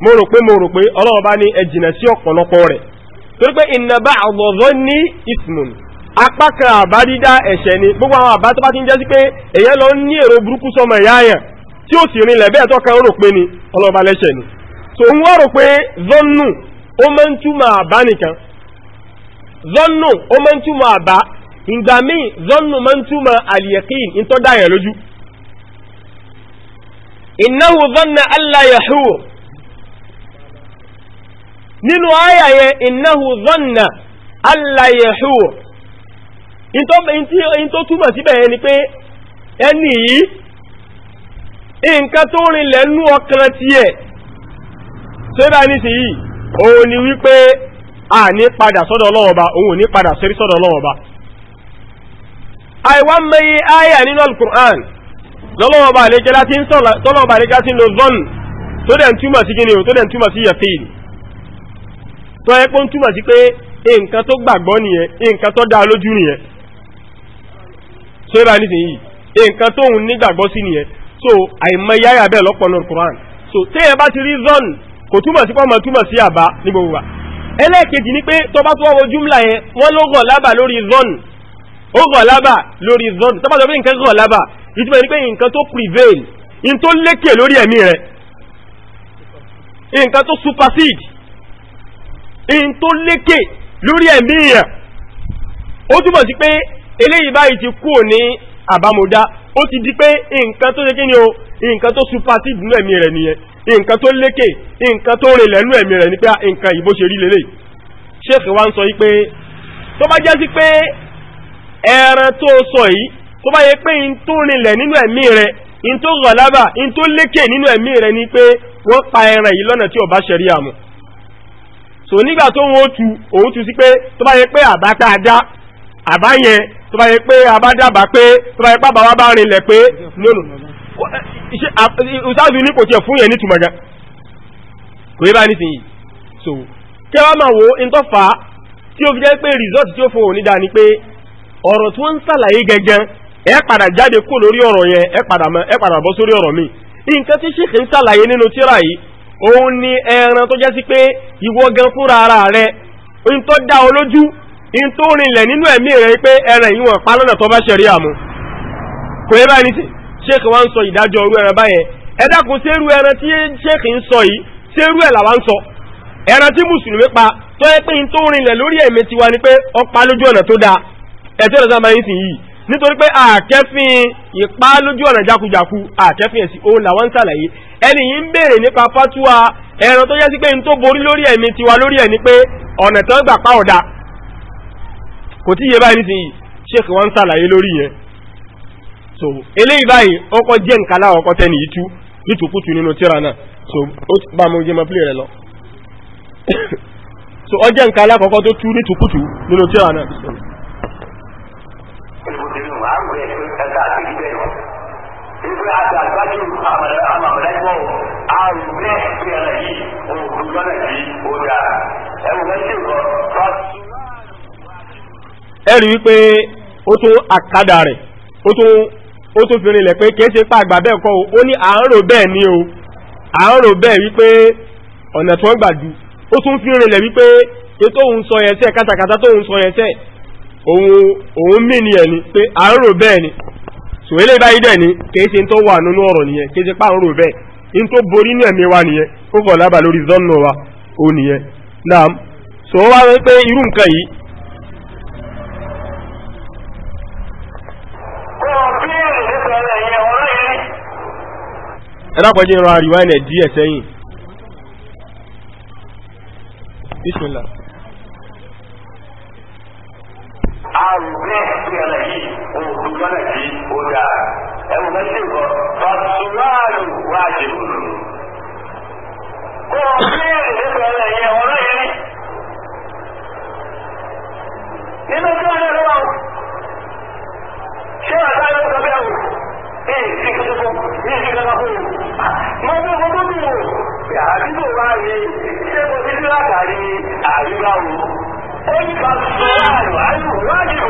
mo rò pé mo rò pé ọlọ́run bá ní ẹ jìnà sí ọ̀pọ̀lọpọ̀ rẹ̀ torí pé ìnàbá àgbọ̀gbọ́ ní ismun apá kan àbá dídá ẹ̀ṣẹ̀ ni gbogbo àwọn àbá tó bá ti ń jẹ́ sí pé èyẹ́ lọ ní èrò burúkú sọmọ ìyá àyàn tí ó sì rinlẹ̀ bẹ́ẹ̀ tọ́ka ó rò pé ni ọlọ́ba lẹ́ṣẹ̀ ni so ń wọ́n rò pé zọ́nù ó máa ń túmọ̀ àbá nìkan zọ́nù ó máa ń túmọ̀ àbá ìgbà míì zọ́nù máa ń túmọ̀ àlìyàkín in tó dáyà lójú ìnáwó zọ́nà aláyàhúwò nínú ayàyẹ ìnáwó zọ́nà aláyàhúwò in tó túmọ̀ síbẹ̀ yẹn ni pé ẹni yìí nǹkan tó rinlẹ̀ nú ọkàn ti ẹ̀ bá ní sí yìí ni wípé a ní padà sọ́dọ̀ ọlọ́wọ́ba òun ní padà àìwá mẹ́yí ayà nínú al-Qur'an lọ́lọ́wọ́ bá lè jẹ́lá tí ń sọ̀rọ̀ tọ́lọ́wọ́ bá lè jẹ́ tí ń lo zọ́n tó dẹ̀ ń túmọ̀ sí gíní tó dẹ̀ ń túmọ̀ sí yẹ̀fìn tó yẹ pé ń túmọ̀ sí pé nǹkan tó gbàgbọ́ nìyẹn nǹkan tó dá lójú nìyẹn so ibà nísìnyí nǹkan tó ń nígbàgbọ́ sí nìyẹn so àìmọye ayà bẹ́ẹ̀ lọ́pọ̀ nínú al-Qur'an so téèyàn bá ti rí zọ́n kò túmọ̀ sí pọ́nmọ̀ túmọ̀ sí àbá ní gbogbo wa ẹlẹ́ẹ̀kejì ni pé tó bá tó wọ́n júmlà yẹn wọ́n ló gàn lábà lórí zọ́n ó gọ̀lábà lórí zọ́nù tó bá sọ pé nǹkan gọ̀lábà ìtumọ̀ ní pé nǹkan tó prevail in tó lékè lórí ẹ̀mí rẹ̀ nǹkan tó supersede in tó lékè lórí ẹ̀mí rẹ̀ ó túmọ̀ sí pé eléyìí báyìí ti kúrò ní àbámọ̀dá ó ti di pé nǹkan tó ṣe kí ni o nǹkan tó supersede nínú ẹ̀mí rẹ̀ nìyẹn nǹkan tó lékè nǹkan tó rìn lẹ́nu ẹ̀mí rẹ̀ ní pé ah, nǹkan ìbó ṣe rí lélẹ̀ Sheikh wa ń sọ ẹran tó sọ yìí tó bá yẹ pé in tó rinlẹ̀ nínú ẹ̀mí rẹ̀ in tó gọ̀lábà in tó lékè nínú ẹ̀mí rẹ̀ ni pé wọ́n pa ẹ̀rẹ̀ yìí lọ́nà tí ó bá ṣẹ̀rí àmù so nígbà tó wọ́n tu òun tu sí pé tó bá pé àbá tá a àbá yẹn tó bá pé àbá dábà pé tó bá yẹ pé àbáwá bá rinlẹ̀ pé ní kò tiẹ̀ fún yẹn nítumọ̀ gan fún ọ̀rọ̀ tí wọ́n ń sàlàyé gẹ́gẹ́ ẹ padà jáde kó lórí ọ̀rọ̀ yẹn ẹ padà bọ́ sórí ọ̀rọ̀ mi nǹkan tí ṣèkè ń sàlàyé nínú tíra yìí òun ni ẹran tó jẹ́ sí pé ìwọ gan fúnra ara rẹ ń tó dá ọ lójú ń tó rinlẹ̀ nínú ẹ̀mí rẹ pé ẹran yìí wọ́n pa lọ́nà tó bá ṣẹ̀rí àmú kò yẹ báyìí ṣèkè wa ń sọ ìdájọ́ irú ẹran báyẹn ẹ dákun ẹran tí ṣèkè ń sọ yìí sí ẹ̀ làwa ń sọ ẹran tí mùsùlùmí pa tó yẹ pé ń tó rinlẹ̀ lórí ẹ̀mí tiwa ni pé ó pa lójú ọ̀nà tó dáa ẹ̀tọ́ ìrọ̀sán máa ń sìn yìí nítorí pé àkẹ́fín ìpá lójú ọ̀nà jákujàku àkẹ́fín ẹ̀sìn òun làwọn ń sàlàyé ẹni yìí ń béèrè nípa fátúwa ẹran tó yẹ sí pé n tó borí lórí ẹ̀mí tiwa lórí ẹ̀ ni pé ọ̀nà tán gbà pa ọ̀dà kò tí yé báyìí nísìnyí ṣéèkì wọn ń sàlàyé lórí yẹn so eléyìí báyìí ọkọ jẹ́ nǹkan láwọn ọkọ tẹ́ni yìí tú nítòkútù nínú tíra náà so ó ti bá mọ jẹ́ mọ́ pílẹ̀ rẹ lọ so ọjẹ́ nǹkan alákọ̀ọ́kọ́ tó tú nítòkútù nínú tíra náà àti àgbájú àmàlẹ́gbọ̀ àrùn bẹ́ẹ̀ fi ẹ̀rẹ̀ yìí òògùn lọ́nà yìí ó dáa ẹ̀rù mẹ́sì kan bá tú. ẹ rí i pé ó tún àkádà rẹ̀ ó tún ó tún fi rinlẹ̀ pé kìí ṣe pa àgbà bẹ́ẹ̀ kọ́ o ó ní à ń rò bẹ́ẹ̀ ni o à ń rò bẹ́ẹ̀ wípé ọ̀nà tí wọ́n gbà dù ó tún fi rinlẹ̀ wípé ètò òun sọ yẹn sẹ́ẹ̀ kátàkátà tó òun sọ yẹn sẹ́ẹ̀ òun òun mí ni ẹ̀ ni pé à ń rò bẹ́ẹ̀ ni so eléyìí báyìí dẹ̀ ni kìí ṣe tó wà nínú ọ̀rọ̀ nìyẹn kìí ṣe páàrùn rò bẹ́ẹ̀ in tó lori inú ẹ̀mí wa na ó kọ̀ lábà lórí zọ́nà wa ó nìyẹn naam so wá wọ́n pé na nǹkan yìí ẹ̀dàpọ̀jì ìran àríwá ilẹ̀ díẹ̀ sẹ́yìn mazingo fasumalu wajibu ko biyar da suka yi yanayi wani yanayi nínú tí wọn lọ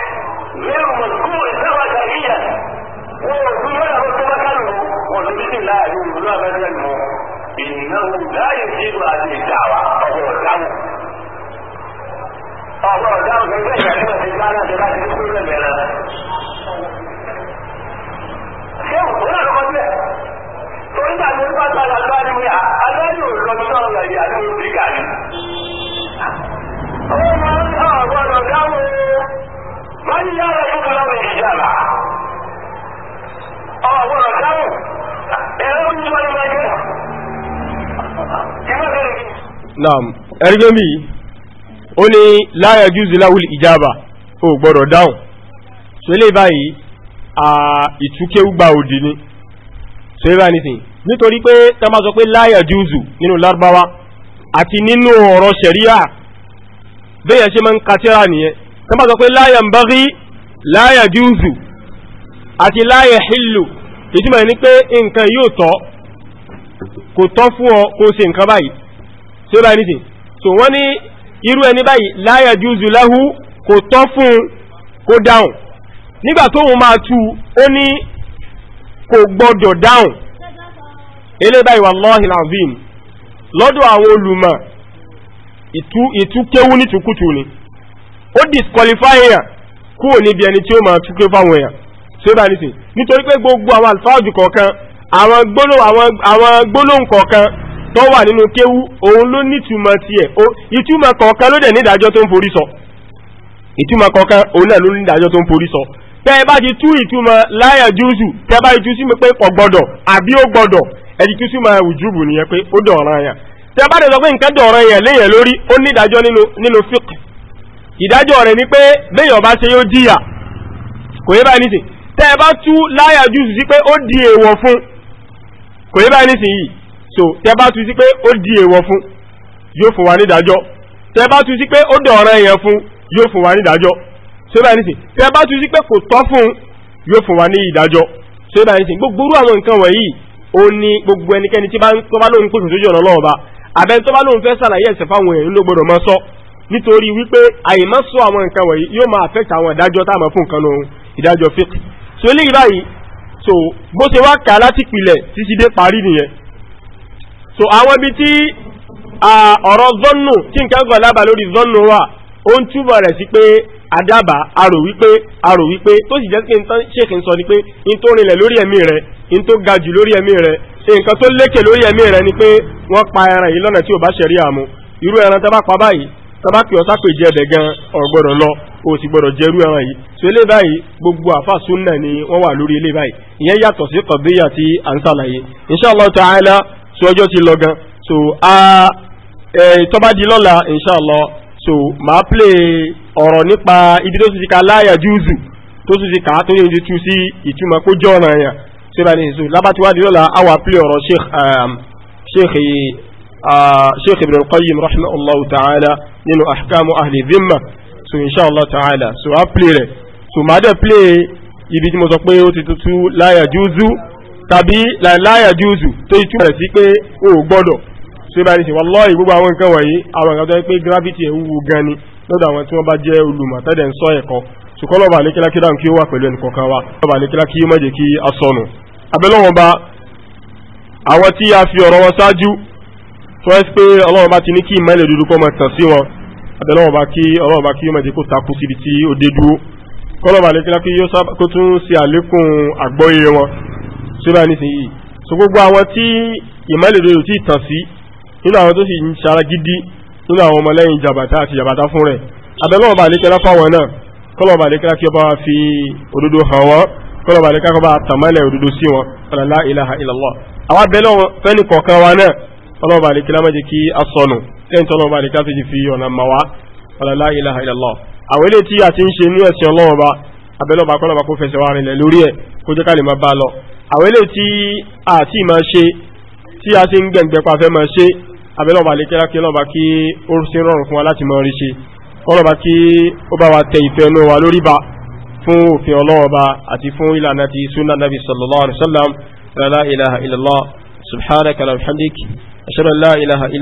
wọn ọ̀pọ̀ ọ̀dáwò. ọ̀pọ̀ ọ̀dáwò ní bẹ́ẹ̀ ti bá ti kú lẹ́gbẹ̀ẹ́ náà. ṣé òun lọ́kọ́ sílẹ̀? torí bá naam ẹ̀rígbẹ́mí ó ní láyà júùsì láwùl ìjábà ó gbọ́dọ̀ dáhùn ṣe lè báyìí à ìtúkéúgba òdì ni ṣe bá nìsìn nítorí pé tá máa sọ pé láyà júùsù nínú lárúbáwá àti nínú ọ̀rọ̀ ṣẹ̀ríà bẹ́yẹn ṣe máa ń kàtíra nìyẹn tá máa sọ pé láyà ń bá rí láyà júùsù àti láyà hìlù ìtumọ̀ ní pé nǹkan yóò tọ́ kò tọ́ fún ọ kó ṣe nǹkan báyìí tí ó bá ní sí so wọ́n ní irú ẹni báyìí láyà júzù láhú kò tọ́ fún kó dáhùn nígbà tó hùn máa tú ó ní kò gbọdọ̀ dáhùn eléyìí báyìí wallahi alazim lọ́dọ̀ àwọn olùmọ̀ ìtúkéwú ní tukutu ni ó disqualify èèyàn kúrò níbi ẹni tí ó máa túké fáwọn èèyàn tí ó bá ní sí nítorí pé gbogbo àwọn àlùfáàjù kọ̀ọ̀kan àwọn gbólóhùn kọ̀ọ̀kan tó wà nínú kéwú òun ló nítumọ̀ tiẹ̀ ìtumọ̀ kọ̀ọ̀kan ló dẹ̀ nídàájọ́ tó ń forí sọ ìtumọ̀ kọ̀ọ̀kan òun náà ló nídàájọ́ tó ń forí sọ tẹ́ ẹ bá ti tú ìtumọ̀ láyà júùsù tẹ́ ẹ bá ti tú sí pé kò gbọ́dọ̀ àbí ó gbọ́dọ̀ ẹ ti tú sí máa wùjúbù nìyẹn pé ó dọ̀ràn yàn tẹ́ ẹ bá ti sọ pé nǹkan dọ̀ràn yàn léyìn lórí ó nídàájọ́ nínú fiqh ìdájọ́ rẹ̀ ni pé béèyàn bá ṣe yóò jìyà kò yẹ báyìí nísìn tẹ́ ẹ bá tú láyà júùsù sí pé ó di èèwọ̀ fún kò yẹ báyìí nísìn yìí so tẹ bá tu sí pé ó di èèwọ̀ fún yóò fún wa nídàájọ́ tẹ bá tu sí pé ó dọ̀ọ̀ràn yẹn fún yóò fún wa nídàájọ́ ṣé báyìí nìsín tẹ bá tu sí pé kò tọ́ fún yóò fún wa ní ìdájọ́ ṣé báyìí nìsín gbogbo orú àwọn nǹkan wọ̀nyí ó ní gbogbo ẹnikẹ́ni tí tó bá lóun pèsè sójú ọ̀nà lọ́wọ́ bá àbẹ́ tó bá lóun fẹ́ sàlàyé ẹ̀sẹ̀ fáwọn èèyàn ló gbọdọ̀ mọ sọ nítorí wípé àìmọ́ àwọn nǹkan wọ̀nyí yóò máa affect àwọn ìdájọ́ tá a mọ̀ fún nǹkan lóhun ìdájọ́ fake so eléyìí báyìí so bó ṣe wá kà láti pilẹ̀ títí dé parí nìyẹn so àwọn ibi tí ọ̀rọ̀ zọ́nù tí nǹkan gbọ̀ lábà lórí zọ́nù wà ó ń túbọ̀ rẹ̀ sí pé adába arò wípé arò wípé tó sì jẹ́ pé n tán ṣèkì ń sọ ni pé n tó rinlẹ̀ lórí ẹ̀mí rẹ̀ n tó ga jù lórí ẹ̀mí rẹ̀ nǹkan tó lékè lórí ẹ̀mí rẹ̀ ni pé wọ́n pa ẹran yìí lọ́nà tí ò bá ṣẹ̀rí àmú irú ẹran tá bá pa báyìí tá bá pè ọ́ sápè jẹ́ ẹ̀bẹ̀ gan ọ̀gbọ́dọ̀ lọ o sì gbọ́dọ̀ jẹ́rú ẹran yìí so ilé báyìí gbogbo àfa súnà ni wọ́n wà lórí ilé báyìí ìyẹn yàtọ̀ sí kọ̀bíyà tí à ń sàlàyé inshallah ta'ala so ọjọ́ ti lọ gan so a tó bá di lọ́la inshallah so màá play ọ̀rọ̀ nípa ibi tó ti fi ka láyà júùzù tó ti fi kà á tó yẹ ju sí ìtumọ̀ kó jọ ọ̀nà yẹn so ìbáni so lábàtíwádìí lọ́la a wà play ọ̀rọ̀ sheikh um, sheikh uh, sheikh qayyim rahimahullahu ta'ala nínú ahkamu ahli dhimma so inshallah ta'ala so a play rẹ̀ so màá dẹ̀ play ibi tí mo sọ pé ó ti tuntun láyà júùzù tàbí láyà júùsù tó ìtumọ̀ rẹ̀ sí pé o gbọ́dọ̀ ṣe bá ní ṣe wallahi gbogbo àwọn nǹkan wọ̀nyí àwọn nǹkan tó ń pé gravity ẹ̀ wúwo gan ni lọ́dọ̀ àwọn tí wọ́n bá jẹ́ olùmọ̀tẹ́dẹ̀ ń sọ ẹ̀kọ́ ṣùkọ́lọ̀ bá ní kílákílá kí ó wà pẹ̀lú ẹnì kọ̀ọ̀kan wa lọ́ba ní kílákí ó mọ̀jẹ̀ kí a sọnù abẹ́lọ́wọ́n ba àwọn tí a fi ọ̀rọ̀ wọn ṣáájú tó ẹ́ pé ọlọ́run bá ti ní kí ìmọ̀lẹ̀ dúdú kọ́ ṣúra nísìnyí so gbogbo àwọn tí ìmọ̀lẹ́dọ̀dọ̀ ti tàn sí nínú àwọn tó sì ń ṣara gidi nínú àwọn ọmọlẹ́yìn jàbàtà àti jàbàtà fún rẹ̀ abẹ́lọ́wọ̀n bá lékẹ́lá fáwọn náà kọ́lọ̀wọ̀n bá lékẹ́lá kí ọba fi òdodo hàn wọ́n kọ́lọ̀wọ̀n bá lékẹ́lá kọ́ bá tàmálẹ̀ òdodo sí wọn la ilaha illallah àwọn abẹ́lọ́wọ̀n fẹ́ni kọ̀ọ̀kan wa náà kọ́lọ̀wọ̀n bá lékẹ́lá má jẹ́ kí a sọnù lẹ́yìn tọ́lọ̀wọ̀n bá lékẹ́lá ti fi ọ̀nà mà wá la ilaha illallah àwọn ilé tí a ti ń ṣe ní ẹ̀sìn ọlọ́wọ̀n bá abẹ́lọ́wọ̀n bá kọ́lọ̀wọ̀n bá àwọn ilé tí a ti ma ṣe tí a ti ń gbẹ̀ǹgbẹ̀ pa fẹ́ ma ṣe abẹ́lọ́ba lè kẹ́lá kẹ́lọ́ba kí ó sí rọrùn fún wa láti mọ rí ṣe ọlọ́ba kí ó bá wa tẹ ìfẹ́ inú wa lórí ba fún òfin ọlọ́ọba àti fún ìlànà ti súnà